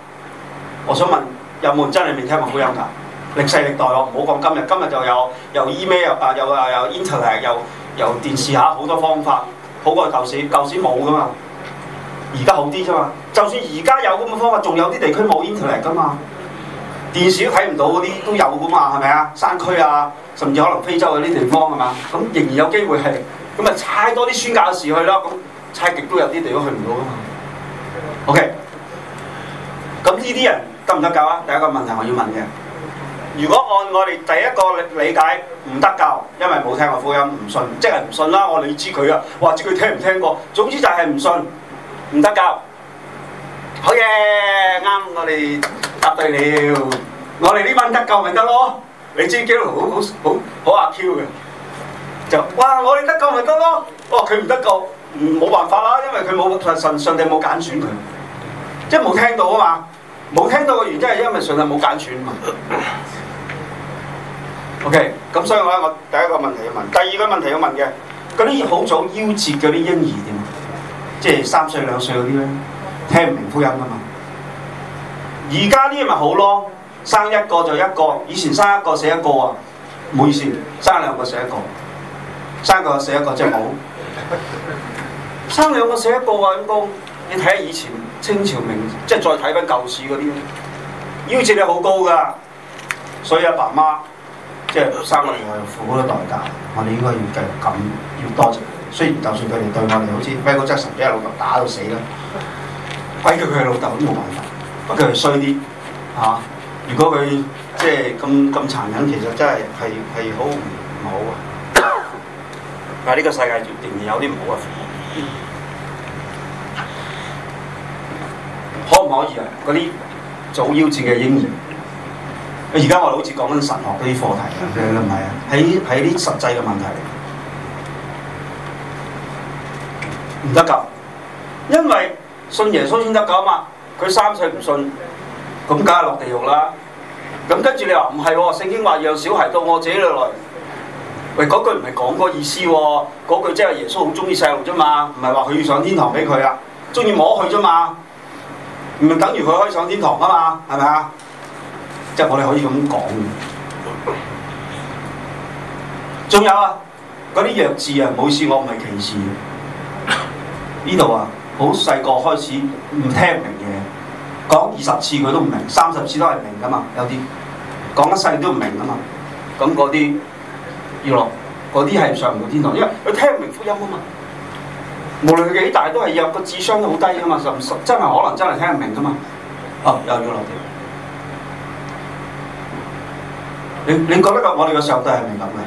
我想問有冇人真係未聽過福音㗎？歷世歷代，我唔好講今日，今日就有由 email 又有，em 有，有，有 internet，又由電視下好多方法，好過舊時，舊時冇㗎嘛。而家好啲啫嘛，就算而家有咁嘅方法，仲有啲地區冇 internet 噶嘛，電視都睇唔到嗰啲都有噶嘛，係咪啊？山區啊，甚至可能非洲嗰啲地方係嘛，咁仍然有機會係，咁咪差多啲宣教士去咯，差極都有啲地方去唔到噶嘛。OK，咁呢啲人得唔得救啊？第一個問題我要問嘅，如果按我哋第一個理解唔得救，因為冇聽過福音，唔信，即係唔信啦。我理知佢啊，或者佢聽唔聽過，總之就係唔信。唔得救，好嘢，啱我哋答對了。我哋呢班得救咪得咯。你知基路好好好阿 Q 嘅，就哇我哋得救咪得咯。哦，佢唔得救，冇辦法啦，因為佢冇神上帝冇揀選佢，即係冇聽到啊嘛，冇聽到嘅原因係因為上帝冇揀選嘛。OK，咁所以我咧，我第一個問題要問，第二個問題要問嘅，嗰啲好早夭折嗰啲嬰兒點？即係三歲兩歲嗰啲咧，聽唔明福音噶嘛？而家呢咪好咯，生一個就一個，以前生一個死一個啊，每次生兩個死一個，生個死一個即係好。生兩個死一個啊！咁講，你睇下以前清朝明，即係再睇返舊史嗰啲咧，夭折率好高㗎，所以阿、啊、爸媽即係生兩個要付好多代價，我哋應該要繼續咁要多謝。雖然就算佢哋對我哋好似威高則神，俾阿老豆打到死啦，威到佢阿老豆都冇辦法，不過佢衰啲吓。如果佢即係咁咁殘忍，其實真係係係好唔 [LAUGHS] 好啊？但係呢個世界絕對有啲唔好啊。可唔可以啊？嗰啲早夭折嘅嬰兒，而家我哋好似講緊神學嗰啲課題啊，唔係啊，喺喺啲實際嘅問題。唔得救，因為信耶穌先得救啊嘛！佢三世唔信，咁梗係落地獄啦。咁跟住你話唔係，聖經話讓小孩到我自己裏來。喂，嗰句唔係講嗰意思哦，嗰句即係耶穌好中意細路啫嘛，唔係話佢要上天堂俾佢啊，中意摸佢啫嘛，唔係等於佢可以上天堂啊嘛，係咪啊？即係我哋可以咁講。仲有啊，嗰啲弱智啊，唔好意思，我唔係歧視。呢度啊，好細個開始唔聽明嘅，講二十次佢都唔明，三十次都係明㗎嘛，有啲講一世都唔明㗎嘛，咁嗰啲要落嗰啲係上唔到天堂，因為佢聽唔明福音啊嘛。無論佢幾大都係有個智商都好低㗎嘛，真係可能真係聽唔明㗎嘛。哦、啊，又要落啲。你你覺得我哋個上帝係咪咁嘅？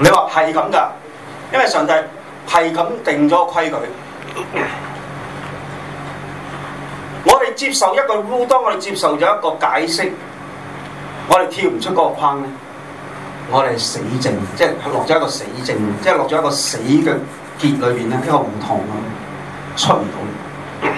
你話係咁㗎？因為上帝係咁定咗規矩，我哋接受一個，當我哋接受咗一個解釋，我哋跳唔出嗰個框咧，我哋死症，即係落咗一個死症，即係落咗一個死嘅結裏面咧，一個胡同啊，出唔到。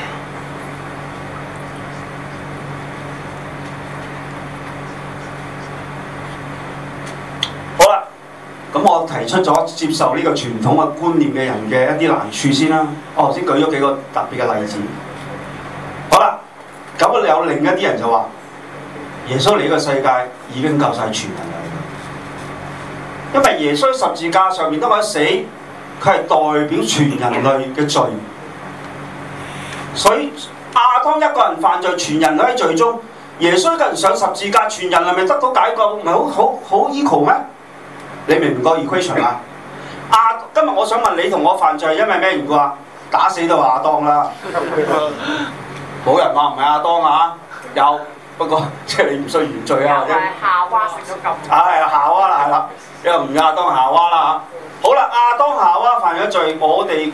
咁我提出咗接受呢個傳統嘅觀念嘅人嘅一啲難處先啦、啊。我頭先舉咗幾個特別嘅例子好。好啦，咁有另一啲人就話：耶穌嚟呢個世界已經救晒全人類，因為耶穌十字架上面都冇得死，佢係代表全人類嘅罪。所以亞當一個人犯罪，全人類喺罪中，耶穌一個人上十字架，全人類咪得到解救？咪好好好 equal 咩？你明唔明個 equation 啊？阿今日我想問你同我犯罪係因為咩原因啊？打死都話阿當啦，冇 [LAUGHS] 人話唔係阿當啊！有，不過即係你唔需要原罪啊！或者夏娃食咗禁，又唔如阿當夏娃啦，好啦，阿當夏娃、啊、犯咗罪，我哋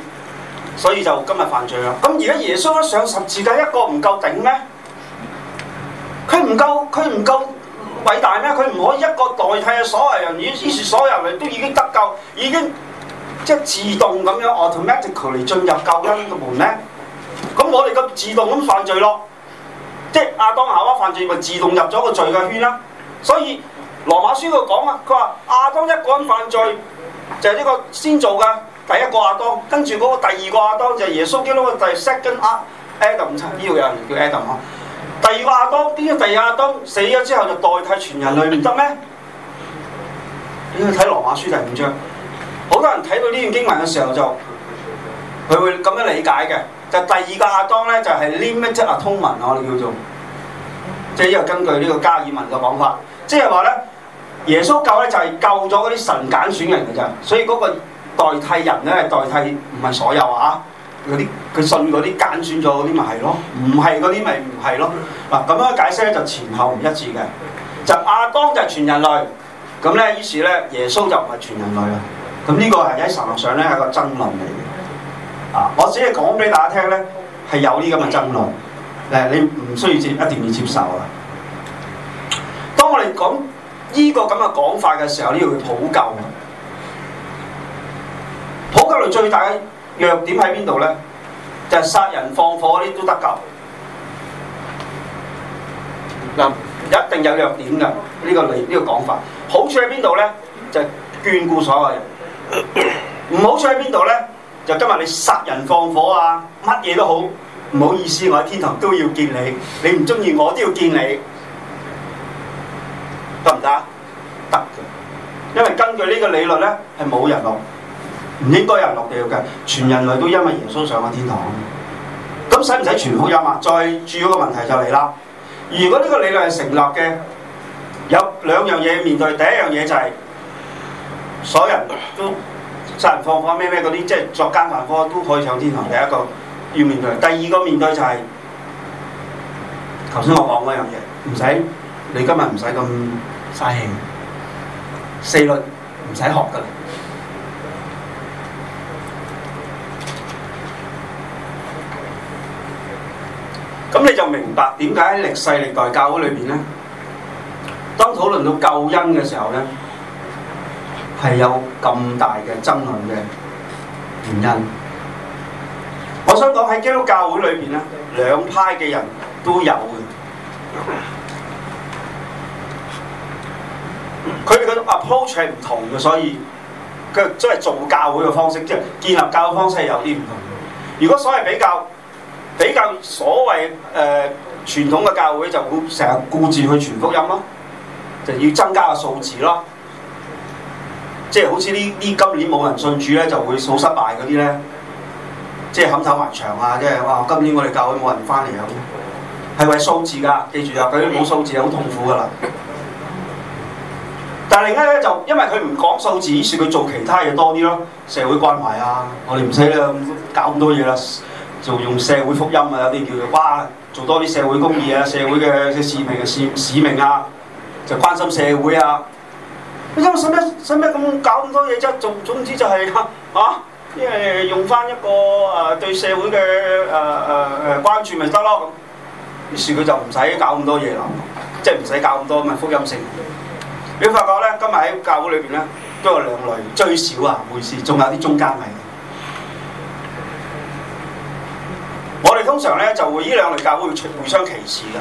所以就今日犯罪啦。咁而家耶穌一上十字架一個唔夠頂咩？佢唔夠，佢唔夠。偉大咩？佢唔可以一個代替啊！所有人，於是所有人都已經得救，已經即係自動咁樣 automatically 進入救恩嘅門咧。咁我哋咁自動咁犯罪咯，即係亞當夏娃犯罪咪自動入咗個罪嘅圈啦。所以羅馬書佢講啊，佢話亞當一個人犯罪就係、是、呢個先做嘅第一個亞當，跟住嗰個第二個亞當就係耶穌基督，呢個第二 second Adam 呢個人叫 Adam 啊。第二個亞當，點解第二個亞當死咗之後就代替全人類，唔得咩？你去睇《羅馬書》第五章，好多人睇到呢段經文嘅時候就佢會咁樣理解嘅，就第二個亞當咧就係 limited atonement，我哋叫做，即係又根據呢個加爾文嘅講法，即係話咧耶穌救咧就係、是、救咗嗰啲神揀選人嘅咋，所以嗰個代替人咧代替唔係所有啊。佢信嗰啲揀選咗嗰啲咪係咯，唔係嗰啲咪唔係咯。嗱咁樣解釋咧就前後唔一致嘅，阿光就亞當就係全人類，咁咧於是咧耶穌就唔係全人類啦。咁呢個係喺神學上咧係一個爭論嚟嘅。啊，我只係講俾大家聽咧係有呢咁嘅爭論，誒你唔需要接，一定要接受啊。當我哋講呢個咁嘅講法嘅時候，呢、這個、要普救，普救嚟最大。弱點喺邊度呢？就係、殺人放火呢都得噶。嗱，一定有弱點噶呢、呢個理、呢個、講法。好處喺邊度呢？就眷、是、顧所有人。唔好處喺邊度呢？就今日你殺人放火啊，乜嘢都好，唔好意思，我喺天堂都要見你，你唔中意我都要見你，得唔得？得嘅，因為根據呢個理論咧，係冇人唔應該有人落地獄嘅，全人類都因為耶穌上咗天堂。咁使唔使全福音啊？最主要嗰個問題就嚟啦。如果呢個理論係成立嘅，有兩樣嘢要面對。第一樣嘢就係、是，所有人都殺人放火咩咩嗰啲，即係作奸犯科都可以上天堂。第一個要面對。第二個面對就係頭先我講嗰樣嘢，唔使你今日唔使咁嘥氣，四律唔使學噶啦。咁你就明白點解喺歷世歷代教會裏邊咧，當討論到救恩嘅時候咧，係有咁大嘅爭論嘅原因。我想講喺基督教會裏邊咧，兩派嘅人都有嘅，佢哋嘅 approach 係唔同嘅，所以佢真係做教會嘅方式，即係建立教會方式係有啲唔同。如果所謂比較。比較所謂誒、呃、傳統嘅教會就會成日顧住去傳福音咯，就要增加個數字咯。即係好似呢呢今年冇人信主咧，就會好失敗嗰啲咧，即係撼頭埋牆啊！即係話，今年我哋教會冇人翻嚟咁，係為數字㗎，記住啊！佢冇數,數字，係好痛苦㗎啦。但係另外咧，就因為佢唔講數字，説佢做其他嘢多啲咯，社會關懷啊，我哋唔使啊，搞咁多嘢啦。就用社會福音啊，有啲叫做哇，做多啲社會公義啊，社會嘅嘅使命嘅使使命啊，就關心社會啊。你想使使咩咁搞咁多嘢啫？總總之就係、是、嚇，因、啊、為用翻一個誒對社會嘅誒誒關注咪得咯。於是佢就唔使搞咁多嘢啦，即係唔使搞咁多咪福音性。你發覺咧，今日喺教會裏邊咧都有兩類，最少啊每次仲有啲中間係。通常咧就會呢兩類教會會互相歧視嘅。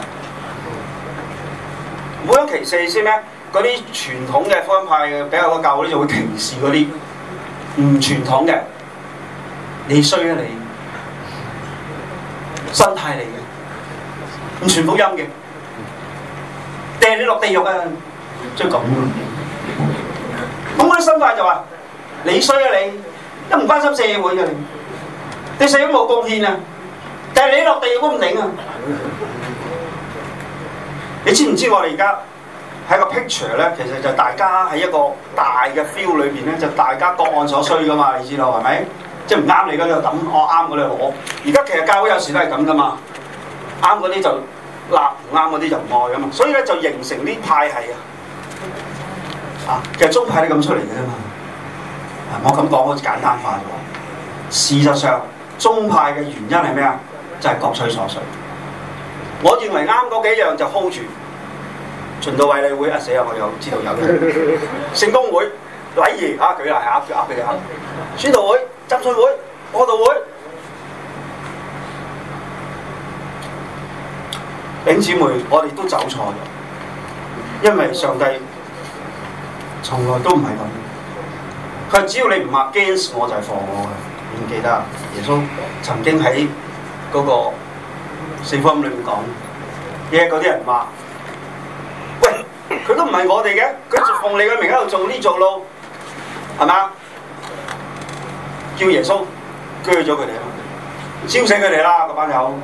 互相歧視先咧，嗰啲傳統嘅福音派嘅比較嘅教會就會歧視嗰啲唔傳統嘅。你衰啊你！新派嚟嘅，唔傳福音嘅，掟你落地獄啊！即係咁咁我啲新派就話、是：你衰啊你，都唔關心社會嘅，你對社會冇貢獻啊！你落地都唔定啊！你知唔知我哋而家喺個 picture 咧，其實就大家喺一個大嘅 feel 裏邊咧，就大家各按所需噶嘛，你知道係咪？即係唔啱你嗰啲就抌，我啱嗰啲攞。而家其實教會有時都係咁噶嘛，啱嗰啲就立，唔啱嗰啲就唔愛噶嘛。所以咧就形成啲派係啊。啊，其實宗派都咁出嚟嘅啫嘛。啊、我咁講好似簡單化咗。事實上，宗派嘅原因係咩啊？就係各取所需。我認為啱嗰幾樣就 hold 住，循道衛理會啊死啊！我有知道有嘅聖公會、禮儀啊、舉禮啊、做啊嘅嘢，宣道會、浸信會、安道會。弟兄姊妹，我哋都走錯，因為上帝從來都唔係咁。佢話：只要你唔話 gas，我就放我嘅。你記得耶穌曾經喺。嗰、那個聖經裏面講，耶嗰啲人話：喂，佢都唔係我哋嘅，佢就奉你嘅名喺度做呢做路，係咪啊？叫耶穌，鋸咗佢哋啊！燒死佢哋啦！個班友，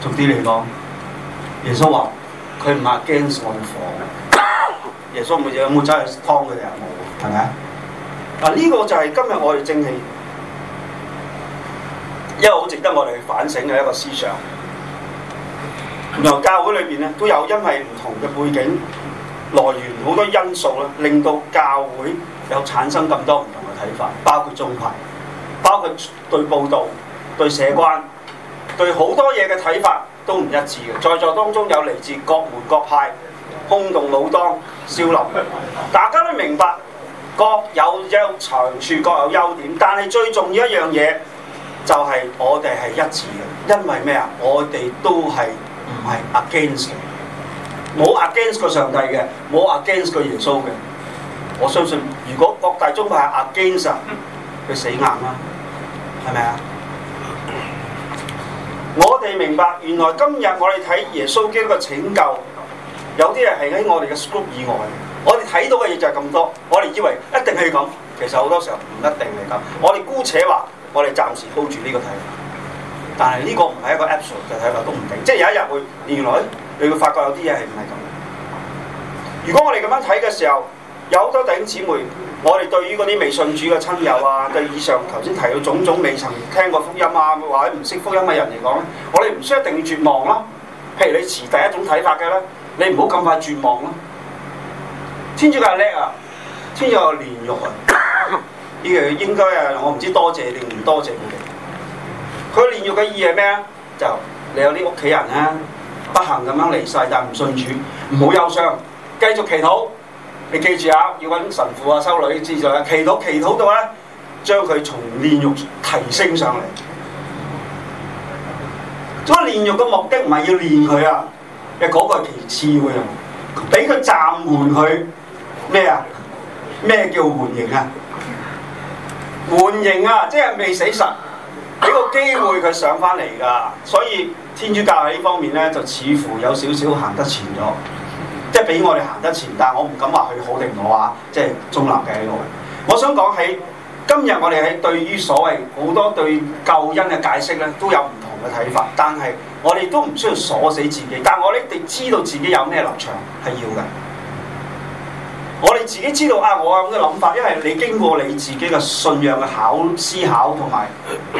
總啲嚟講，耶穌話：佢唔怕驚喪火。 [COUGHS] 耶穌冇有冇走去劏佢哋係冇，係咪？嗱呢個就係今日我哋正氣，一個好值得我哋反省嘅一個思想，同教會裏邊咧都有，因為唔同嘅背景來源好多因素咧，令到教會有產生咁多唔同嘅睇法，包括宗派，包括對報道、對社關、對好多嘢嘅睇法都唔一致嘅。在座當中有嚟自各門各派、空洞武當、少林，大家都明白各有優長處、各有優點，但係最重要一樣嘢。就係我哋係一致嘅，因為咩啊？我哋都係唔係 against 嘅，冇 against 個上帝嘅，冇 against 個耶穌嘅。我相信，如果各大宗派係 against 佢死硬啦，係咪啊？我哋明白，原來今日我哋睇耶穌基督嘅拯救，有啲人係喺我哋嘅 s c r o u p 以外，我哋睇到嘅嘢就係咁多，我哋以為一定係咁，其實好多時候唔一定係咁。我哋姑且話。我哋暫時 hold 住呢個睇法，但係呢個唔係一個 absolute 嘅睇法，都唔定。即係有一日會原來你會發覺有啲嘢係唔係咁。如果我哋咁樣睇嘅時候，有好多弟兄姊妹，我哋對於嗰啲未信主嘅親友啊，對以上頭先提到種種未曾聽過福音啊，或者唔識福音嘅人嚟講咧，我哋唔需要一定絕望咯、啊。譬如你持第一種睇法嘅咧，你唔好咁快絕望咯、啊。天主教叻啊，天主教有煉獄啊！ [COUGHS] 呢個應該啊，我唔知多謝定唔多謝佢。佢煉獄嘅意義係咩咧？就你有啲屋企人咧、啊，不幸咁樣離世，但唔信主，唔好憂傷，繼續祈禱。你記住啊，要揾神父啊、修女之類啊，祈禱祈禱到咧，將佢從煉獄提升上嚟。做乜煉獄嘅目的唔係要煉佢啊，嘅、那、嗰個係其次喎，俾佢暫緩佢咩啊？咩叫緩刑啊？緩刑啊，即係未死實，俾個機會佢上翻嚟㗎，所以天主教喺呢方面咧，就似乎有少少行得前咗，即係俾我哋行得前，但係我唔敢話佢好定唔好啊，即係中立嘅呢個位。我想講喺今日我哋喺對於所謂好多對救恩嘅解釋咧，都有唔同嘅睇法，但係我哋都唔需要鎖死自己，但我哋一定知道自己有咩立場係要嘅。自己知道啊，我有咁嘅諗法，因為你經過你自己嘅信仰嘅考思考同埋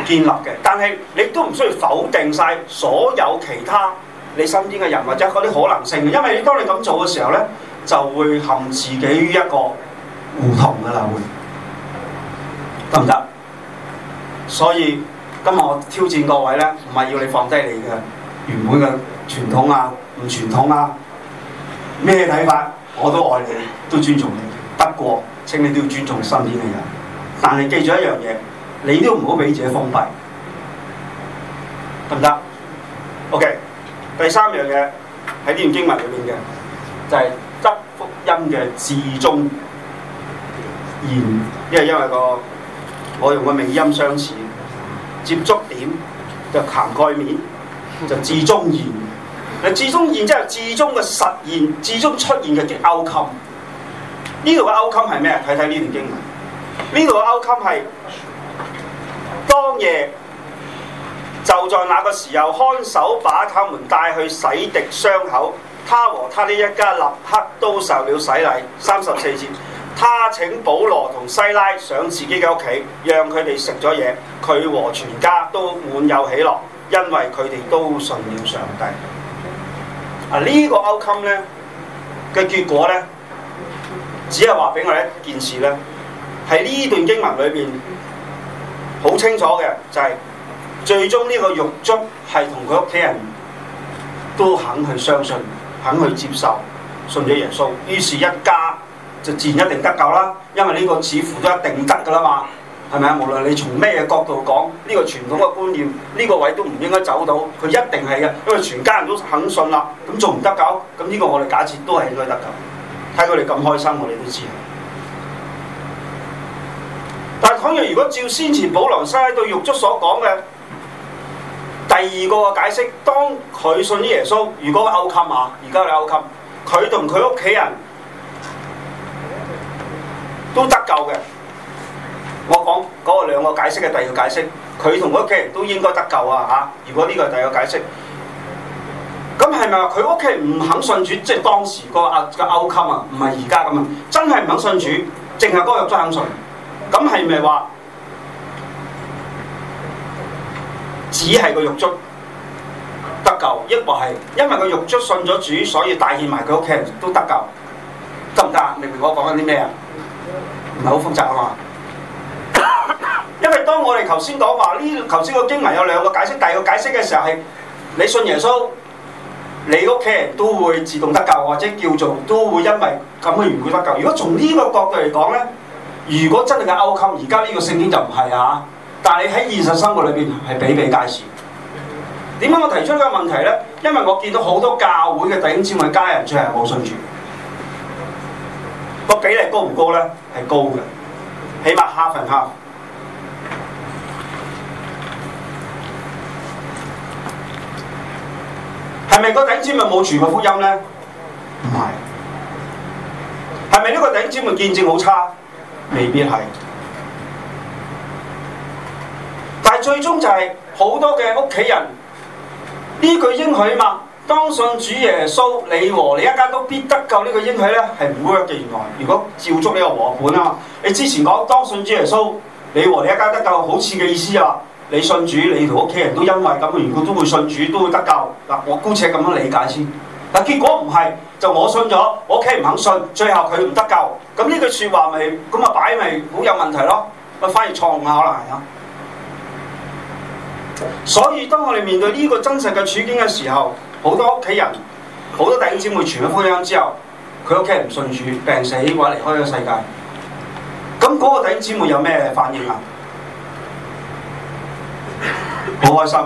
建立嘅，但係你都唔需要否定曬所有其他你身邊嘅人或者嗰啲可能性，因為你當你咁做嘅時候咧，就會陷自己於一個胡同嘅啦，會得唔得？所以今日我挑戰各位咧，唔係要你放低你嘅原本嘅傳統啊、唔傳統啊，咩睇法？我都愛你，都尊重你。不過請你都要尊重身邊嘅人。但係記住一樣嘢，你都唔好俾自己封閉，得唔得？OK。第三樣嘢喺呢段經文裏面嘅就係執福音嘅字中言，因為因為個我用嘅名音相似，接觸點就涵蓋面就字中言。嗱，至終然之後，至終嘅實現，至終出現嘅嘅 outcome，呢度嘅 outcome 係咩？睇睇呢段經文，呢度嘅 outcome 係當夜就在那個時候，看守把他們帶去洗滌傷口，他和他呢一家立刻都受了洗禮。三十四節，他請保羅同西拉上自己嘅屋企，讓佢哋食咗嘢，佢和全家都滿有喜樂，因為佢哋都信了上帝。啊！呢個 Outcome 咧嘅結果咧，只係話俾我哋一件事咧，喺呢段經文裏面好清楚嘅就係，最終呢個獄卒係同佢屋企人都肯去相信，肯去接受，信咗耶穌，於是，一家就自然一定得救啦，因為呢個似乎都一定得㗎啦嘛。係咪啊？無論你從咩嘢角度講，呢、這個傳統嘅觀念，呢、這個位都唔應該走到，佢一定係嘅，因為全家人都肯信啦。咁仲唔得救？咁呢個我哋假設都係應該得救。睇佢哋咁開心，我哋都知。但倘若如果照先前保羅西對獄卒所講嘅第二個解釋，當佢信啲耶穌，如果佢歐擒下，而家佢係歐擒，佢同佢屋企人都得救嘅。我講嗰、那個兩個解釋嘅第二個解釋，佢同嗰屋企人都應該得救啊！啊如果呢個係第二個解釋，咁係咪話佢屋企人唔肯信主？即係當時個啊個歐襟啊，唔係而家咁啊，真係唔肯信主，淨係嗰個獄卒肯信。咁係咪話只係個獄卒得救？一個係因為個獄卒信咗主，所以帶挈埋佢屋企人都得救，得唔得？明唔明我講緊啲咩啊？唔係好複雜啊嘛。因為當我哋頭先講話呢，頭先個經文有兩個解釋，第二個解釋嘅時候係你信耶穌，你屋企人都會自動得救，或者叫做都會因為咁去而會得救。如果從呢個角度嚟講咧，如果真係嘅勾扣，而家呢個聖經就唔係啊。但係你喺現實生活裏邊係比比皆是。點解我提出呢個問題咧？因為我見到好多教會嘅弟兄姊妹家人最後冇信主，個比例高唔高咧？係高嘅，起碼下份下。係咪個頂尖咪冇傳個福音咧？唔係。係咪呢個頂尖嘅見證好差？未必係。但係最終就係好多嘅屋企人呢句應許嘛，當信主耶穌，你和你一家都必得救這英呢句應許咧，係唔 work 嘅。原來如果照足呢個和本啊，你之前講當信主耶穌，你和你一家得救好似嘅意思啊。你信主，你同屋企人都因為咁嘅原因都會信主，都會得救嗱。我姑且咁樣理解先。嗱，結果唔係就我信咗，我屋企人唔肯信，最後佢唔得救。咁呢句説話咪咁啊擺咪好有問題咯？咪反而錯誤下啦，係啊。所以當我哋面對呢個真實嘅處境嘅時候，好多屋企人，好多弟兄姊妹傳咗福音之後，佢屋企人唔信主，病死或者離開咗世界。咁嗰個弟兄姊妹有咩反應啊？好開心，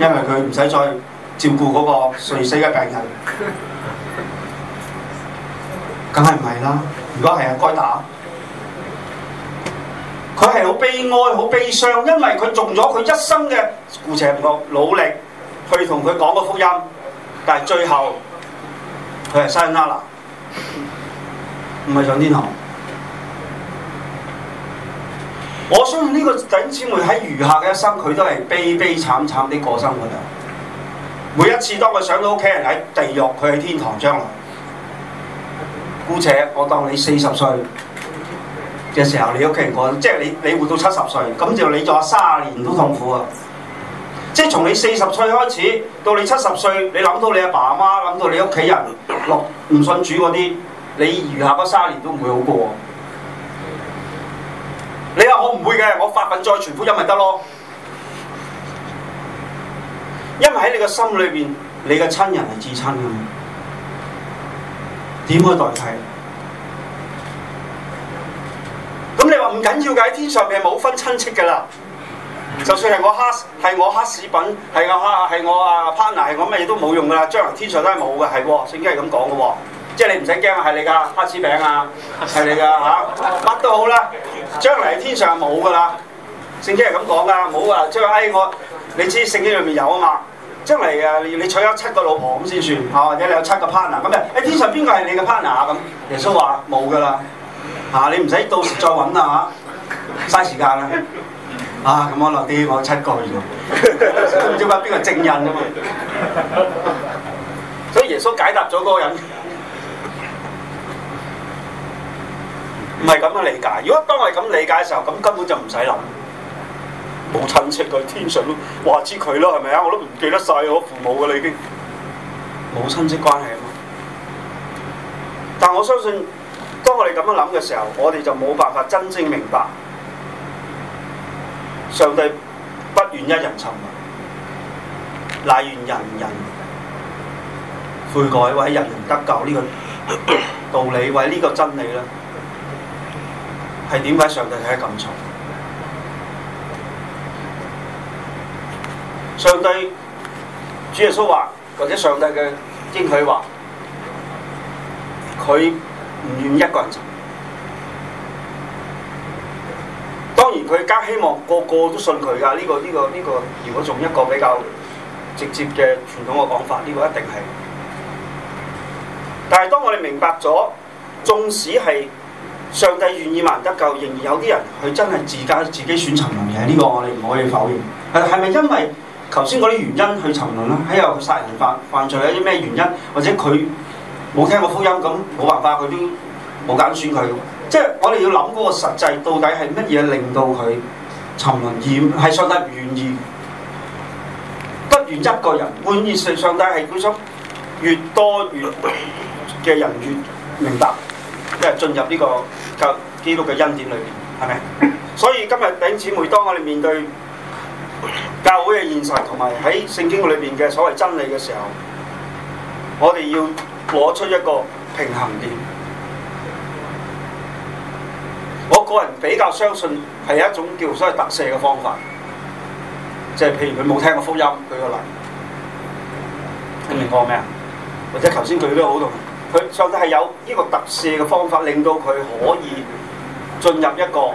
因為佢唔使再照顧嗰個垂死嘅病人。梗係唔係啦，如果係，就該打。佢係好悲哀、好悲傷，因為佢用咗佢一生嘅功夫同努力，去同佢講個福音，但係最後，佢係生喇喇，唔係上天堂。我相信呢個等姊妹喺餘下嘅一生，佢都係悲悲慘慘地過生活。每一次當佢想到屋企人喺地獄，佢喺天堂將來。姑且我當你四十歲嘅時候，你屋企人過，即係你你活到七十歲，咁就你做三廿年都痛苦啊！即係從你四十歲開始到你七十歲，你諗到你阿爸阿媽，諗到你屋企人，落唔信主嗰啲，你餘下嗰三廿年都唔會好過。你話我唔會嘅，我發品再傳福音咪得咯？因為喺你個心裏面，你嘅親人係至親嘅，點會代替？咁你話唔緊要嘅，天上面冇分親戚嘅啦。就算係我哈，係我哈士品，係我啊 partner，係我乜嘢都冇用噶啦。將來天上都係冇嘅，係聖經係咁講嘅喎。即係你唔使驚啊，係你㗎，黑紙餅啊，係你㗎嚇，乜、啊、都好啦。將嚟天上冇㗎啦，聖經係咁講㗎，唔好話即係哎我，你知聖經裏面有啊嘛。將嚟啊，你你娶咗七個老婆咁先算嚇、啊，或者你有七個 partner 咁啊？哎，天上邊個係你嘅 partner 啊？咁耶穌話冇㗎啦，嚇、啊、你唔使到時再揾啦嚇，嘥時間啦。啊，咁、啊嗯、我留啲我七個喎，都唔知揾邊個正印啊嘛。哈哈 [LAUGHS] 所以耶穌解答咗嗰個人。唔係咁樣理解。如果當我哋咁理解嘅時候，咁根本就唔使諗，冇親戚㗎，天上都話知佢咯，係咪啊？我都唔記得晒我父母㗎啦，已經冇親戚關係啊嘛。但我相信，當我哋咁樣諗嘅時候，我哋就冇辦法真正明白上帝不願一人沉淪，乃願人人悔改，或者人人得救呢個道理，或者呢個真理啦。係點解上帝睇得咁重？上帝，主耶穌話或者上帝嘅應許話，佢唔願一個人走。當然，佢更希望個個都信佢噶。呢個呢個呢個，如果仲一個比較直接嘅傳統嘅講法，呢個一定係。但係當我哋明白咗，縱使係。上帝願意萬得救，仍然有啲人佢真係自家自己選沉淪嘅，呢個我哋唔可以否認。係咪因為頭先嗰啲原因去沉淪咧？喺又殺人犯罪犯罪有啲咩原因，或者佢冇聽過福音咁，冇辦法佢都冇揀選佢。即係我哋要諗嗰個實際，到底係乜嘢令到佢沉淪？而係上帝唔願意，不願一個人滿意上上帝係決心，越多越嘅人越明白，即係進入呢個。教基督嘅恩典裏邊，係咪？所以今日弟兄姊妹，當我哋面對教會嘅現實，同埋喺聖經裏邊嘅所謂真理嘅時候，我哋要攞出一個平衡點。我個人比較相信係一種叫所謂特赦嘅方法，即係譬如佢冇聽過福音，佢嘅嚟，聽明講咩啊？或者頭先佢都好痛。佢，上帝係有呢個特赦嘅方法，令到佢可以進入一個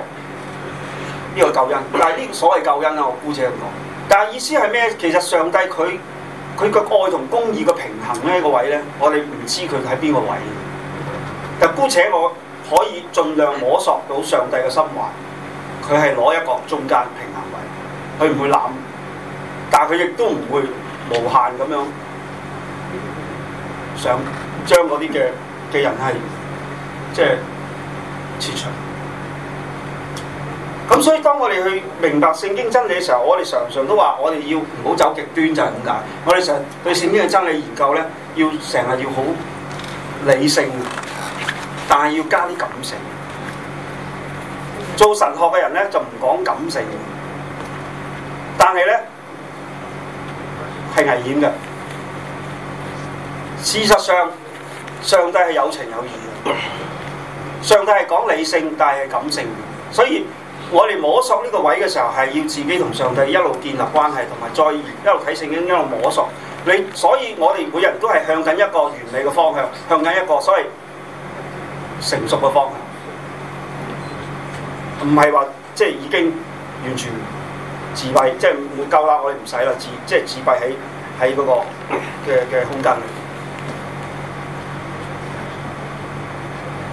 呢個救恩。但係呢個所謂救恩啊，我姑且唔講。但係意思係咩？其實上帝佢佢個愛同公義嘅平衡呢個位咧，我哋唔知佢喺邊個位。但姑且我可以盡量摸索到上帝嘅心懷，佢係攞一個中間平衡位，佢唔會濫，但係佢亦都唔會無限咁樣想。將嗰啲嘅嘅人係即係切除。咁所以當我哋去明白聖經真理嘅時候，我哋常，常常都話我哋要唔好走極端就係咁解。我哋成日對聖經嘅真理研究咧，要成日要好理性，但係要加啲感性。做神學嘅人咧就唔講感性，但係咧係危險嘅。事實上。上帝係有情有義嘅，上帝係講理性，但係感性嘅。所以我哋摸索呢個位嘅時候，係要自己同上帝一路建立關係，同埋再一路睇聖經，一路摸索。你，所以我哋每人都係向緊一個完美嘅方向，向緊一個所謂成熟嘅方向。唔係話即係已經完全自閉，即係唔會夠啦，我哋唔使啦，自即係自閉喺喺嗰個嘅嘅空間。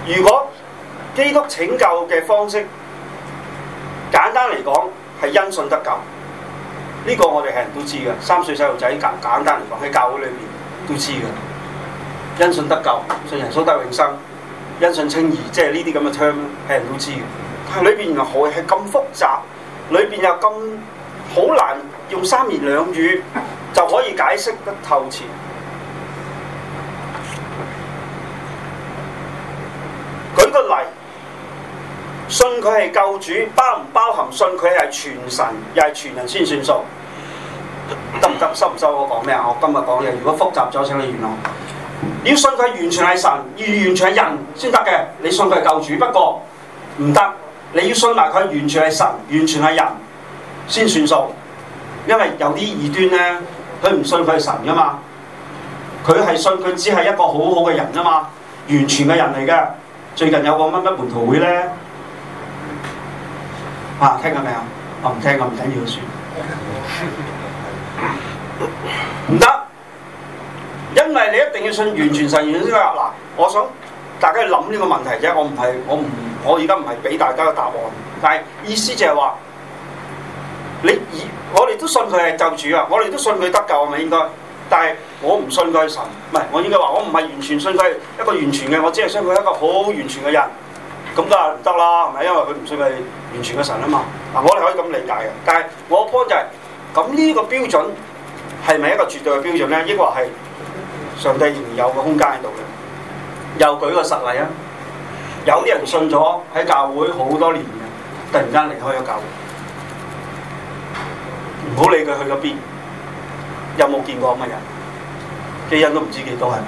如果基督拯救嘅方式簡單嚟講係因信得救，呢個我哋係人都知嘅。三歲細路仔簡簡單嚟講喺教會裏面都知嘅。因信得救，信耶穌得永生，因信稱義，即係呢啲咁嘅唱，係人都知嘅。但係裏邊又何係咁複雜？裏邊有咁好難用三言兩語就可以解釋得透徹。出嚟信佢係救主，包唔包含信佢係全神，又係全人先算數？得唔得？收唔收？我講咩啊？我今日講嘅，如果複雜咗請你原諒。你要信佢完全係神要完全係人先得嘅。你信佢係救主不過唔得，你要信埋佢完全係神完全係人先算數。因為有啲異端咧，佢唔信佢係神噶嘛，佢係信佢只係一個好好嘅人啊嘛，完全嘅人嚟嘅。最近有個乜乜門徒會咧，嚇聽過未啊？我唔聽過，唔緊要算，唔 [LAUGHS] 得，因為你一定要信完全神完全嗰個。嗱，我想大家諗呢個問題啫，我唔係我唔我而家唔係俾大家個答案，但係意思就係話，你而我哋都信佢係救主啊，我哋都信佢得救係咪應該？但係我唔信佢係神，唔係我應該話我唔係完全信佢係一個完全嘅，我只係信佢係一個好完全嘅人，咁就係唔得啦，係咪？因為佢唔信佢係完全嘅神啊嘛。嗱、啊，我哋可以咁理解嘅。但係我個 point 就係咁，呢個標準係咪一個絕對嘅標準咧？抑或係上帝仍有個空間喺度嘅。又舉個實例啊，有啲人信咗喺教會好多年嘅，突然間離開咗教會，唔好理佢去咗邊。有冇見過咁嘅人？基因都唔知幾多人。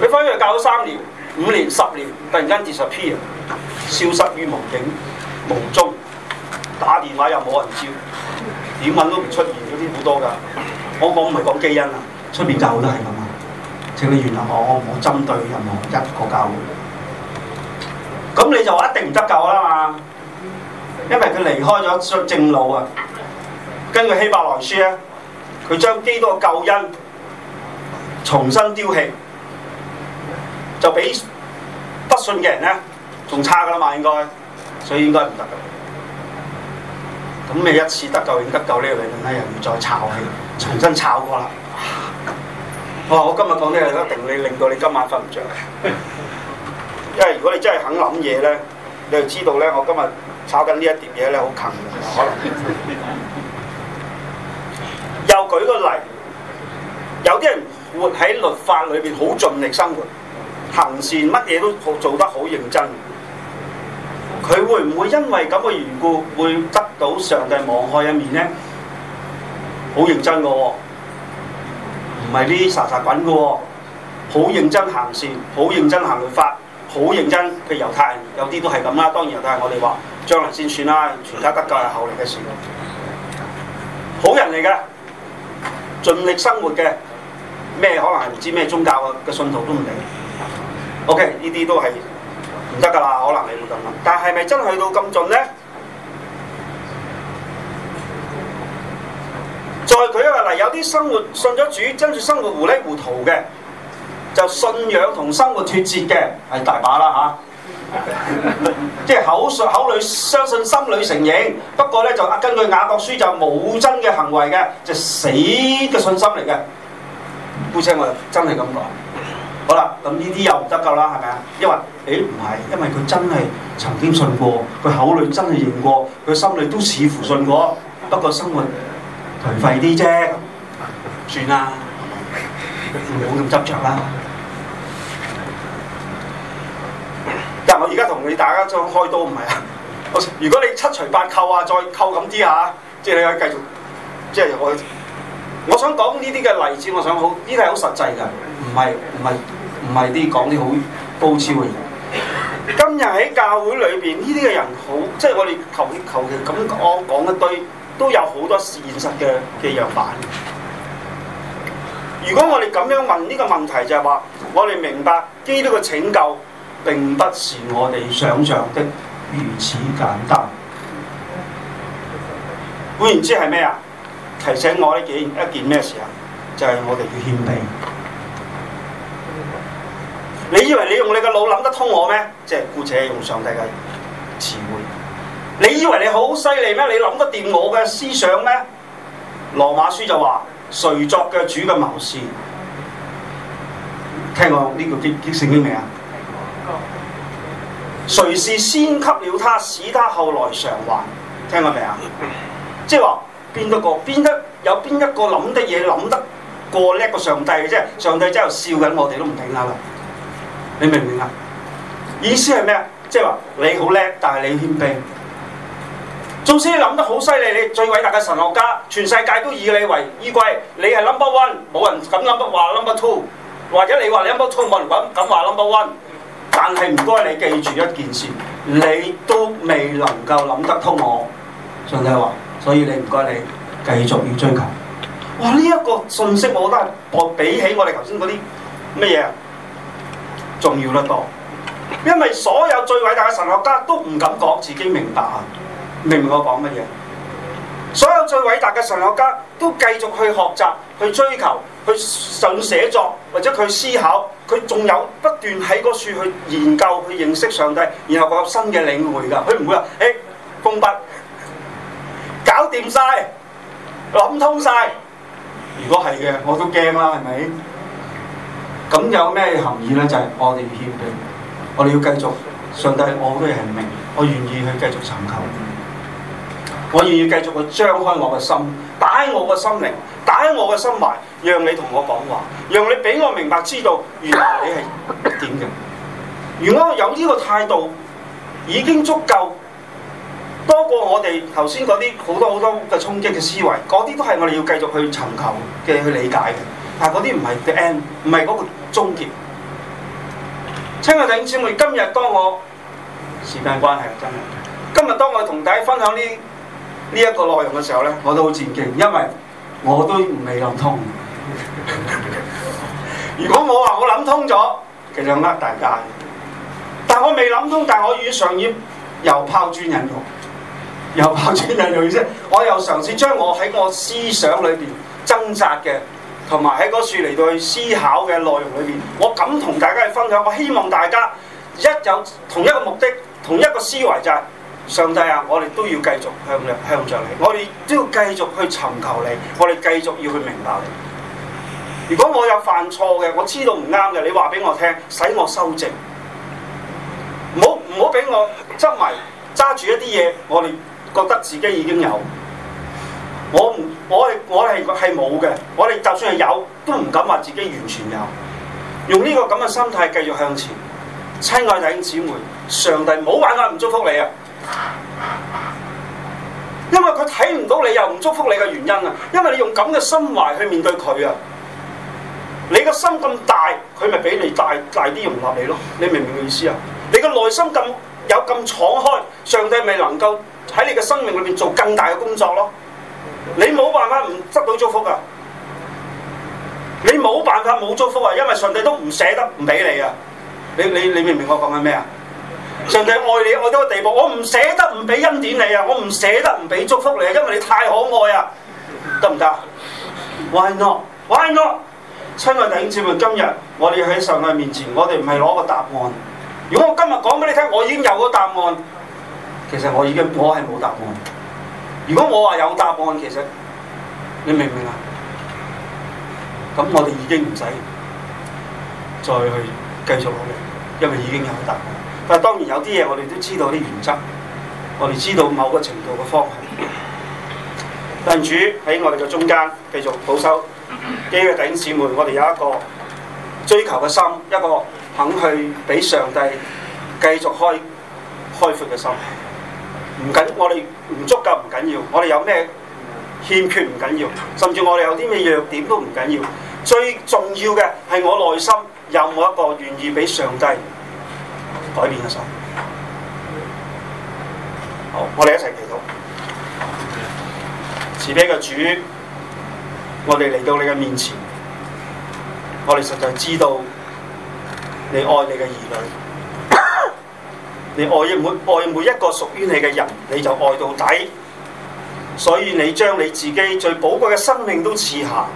你翻去教咗三年、五年、十年，突然間 disappear 消失於無影、無蹤，打電話又冇人接，點問都唔出現嗰啲好多㗎。我，我唔係講基因啊，出面就好多係咁啊。請你原諒我，我冇針對任何一個教會。咁你就話一定唔得救啦嘛，因為佢離開咗正路啊。根據希伯來書咧，佢將基督嘅救恩重新丟棄，就比不信嘅人咧仲差噶啦嘛，應該，所以應該唔得噶。咁你一次得救已經得救呢個理論咧，又唔再炒起，重新炒過啦。我我今日講呢嘢一定會令到你今晚瞓唔着嘅，因為如果你真係肯諗嘢咧，你就知道咧，我今日炒緊呢一碟嘢咧好近可能。就舉個例，有啲人活喺律法裏邊，好盡力生活，行善，乜嘢都做得好認真。佢會唔會因為咁嘅緣故，會得到上帝網開一面呢？好認真嘅喎、哦，唔係啲沙沙滾嘅喎，好認真行善，好認真行律法，好認真。譬如猶太人，有啲都係咁啦。當然，猶太人我哋話，將來先算啦，全家得救係後嚟嘅事。好人嚟嘅。盡力生活嘅咩可能係唔知咩宗教嘅嘅信徒都唔理，OK 呢啲都係唔得噶啦，可能你會咁諗。但係咪真去到咁盡咧？再舉例嗱，有啲生活信咗主，跟住生活糊裏糊塗嘅，就信仰同生活脫節嘅係大把啦吓。 [LAUGHS] 即係口上口裡相信，心裏承認。不過咧，就根據雅各書就冇真嘅行為嘅，就係死嘅信心嚟嘅。姑且我真係咁講。好啦，咁呢啲又唔得救啦，係咪啊？因為，誒唔係，因為佢真係曾經信過，佢口裡真係認過，佢心裏都似乎信過。不過生活頹廢啲啫，算啦，唔好咁執着啦。但係我而家同你大家將開刀唔係啊！ [LAUGHS] 如果你七除八扣啊，再扣咁啲啊，即係你可以繼續，即係我我想講呢啲嘅例子，我想好呢啲係好實際㗎，唔係唔係唔係啲講啲好高超嘅嘢。今日喺教會裏邊，呢啲嘅人好，即係我哋求求其咁講講一堆，都有好多現實嘅嘅樣板。如果我哋咁樣問呢個問題就，就係話我哋明白基督嘅拯救，並不是我哋想像的如此簡單。換言之係咩啊？提醒我呢件一件咩事啊？就係、是、我哋要謙卑。你以為你用你個腦諗得通我咩？即係姑且用上帝嘅詞彙。你以為你好犀利咩？你諗得掂我嘅思想咩？羅馬書就話：誰作嘅主嘅謀士？聽過呢個激啲啲激醒未啊？誰是先給了他，使他後來償還？聽過未啊？即係話邊一個邊一有邊一個諗的嘢諗得過叻過上帝嘅？啫？上帝之後笑緊我哋都唔頂下啦！你明唔明啊？意思係咩？即係話你好叻，但係你謙卑。縱使你諗得好犀利，你最偉大嘅神學家，全世界都以你為依歸，你係 number one，冇人敢咁話 number two，或者你話你 number two，冇人敢敢話 number one。但係唔該你記住一件事，你都未能夠諗得通我。上帝話，所以你唔該你繼續要追求。哇！呢、這、一個信息我覺得我比起我哋頭先嗰啲乜嘢重要得多，因為所有最偉大嘅神學家都唔敢講自己明白啊！明唔明我講乜嘢？所有最偉大嘅神學家都繼續去學習、去追求、去上寫作，或者去思考，佢仲有不斷喺嗰處去研究、去認識上帝，然後獲得新嘅領會㗎。佢唔會話：誒、欸，封筆搞掂曬，諗通曬。如果係嘅，我都驚啦，係咪？咁有咩含義呢？就係、是、我哋要謙卑，我哋要繼續上帝我，我都係明，我願意去繼續尋求。我願意繼續去張開我嘅心，打開我嘅心靈，打開我嘅心懷，讓你同我講話，讓你俾我明白知道原來你係點嘅。如果有呢個態度，已經足夠多過我哋頭先嗰啲好多好多嘅衝擊嘅思維，嗰啲都係我哋要繼續去尋求嘅去理解嘅。但係嗰啲唔係 the end，唔係嗰個終結。親愛嘅弟兄姊妹，今日當我時間關係真係，今日當我同大家分享呢？呢一個內容嘅時候咧，我都好戰兢，因為我都未諗通。 [LAUGHS] 如果我話我諗通咗，其實呃大家。但我未諗通，但係我願意上演又拋磚引玉，又拋磚引玉意思我又嘗試將我喺我思想裏邊掙扎嘅，同埋喺嗰處嚟到去思考嘅內容裏邊，我敢同大家去分享。我希望大家一有同一個目的，同一個思維就係、是。上帝啊，我哋都要繼續向你，向着你。我哋都要繼續去尋求你，我哋繼續要去明白你。如果我有犯錯嘅，我知道唔啱嘅，你話俾我聽，使我修正。唔好唔好俾我執迷，揸住一啲嘢，我哋覺得自己已經有。我唔，我係我係係冇嘅。我哋就算係有，都唔敢話自己完全有。用呢、呢個咁嘅心態繼續向前，親愛弟兄姊妹，上帝冇玩我唔祝福你啊！因為佢睇唔到你又唔祝福你嘅原因啊，因為你用咁嘅心懷去面對佢啊，你個心咁大，佢咪俾你大大啲容納你咯？你明唔明我嘅意思啊？你個內心咁有咁敞開，上帝咪能夠喺你嘅生命裏面做更大嘅工作咯？你冇辦法唔得到祝福啊！你冇辦法冇祝福啊！因為上帝都唔捨得唔俾你啊！你你你明唔明我講緊咩啊？上帝愛你愛到個地步，我唔捨得唔俾恩典你啊，我唔捨得唔俾祝福你啊，因為你太可愛啊，得唔得？Why not? Why not? 親愛的弟兄姊妹，今日我哋喺上帝面前，我哋唔係攞個答案。如果我今日講俾你聽，我已經有個答案，其實我已經我係冇答案。如果我話有答案，其實你明唔明啊？咁我哋已經唔使再去繼續努力，因為已經有答案。但係當然有啲嘢我哋都知道啲原則，我哋知道某個程度嘅方向。但主喺我哋嘅中間繼續保守，基於弟兄姊妹，我哋有一個追求嘅心，一個肯去俾上帝繼續開開闊嘅心。唔緊，我哋唔足夠唔緊要，我哋有咩欠缺唔緊要，甚至我哋有啲咩弱點都唔緊要。最重要嘅係我內心有冇一個願意俾上帝。改變一下，好，我哋一齊祈禱。慈悲嘅主，我哋嚟到你嘅面前，我哋實在知道你愛你嘅兒女， [COUGHS] 你愛每愛每一個屬於你嘅人，你就愛到底。所以你將你自己最寶貴嘅生命都賜下，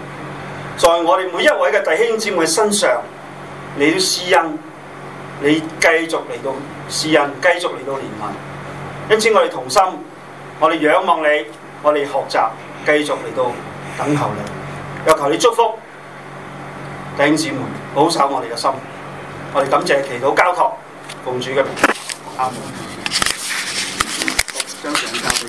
在我哋每一位嘅弟兄姊妹身上，你都施恩。你繼續嚟到施恩，繼續嚟到憐憫。因此我哋同心，我哋仰望你，我哋學習，繼續嚟到等候你，又求你祝福弟兄姊妹，保守我哋嘅心，我哋感謝祈禱交託奉主嘅名。阿們。將時間交畀。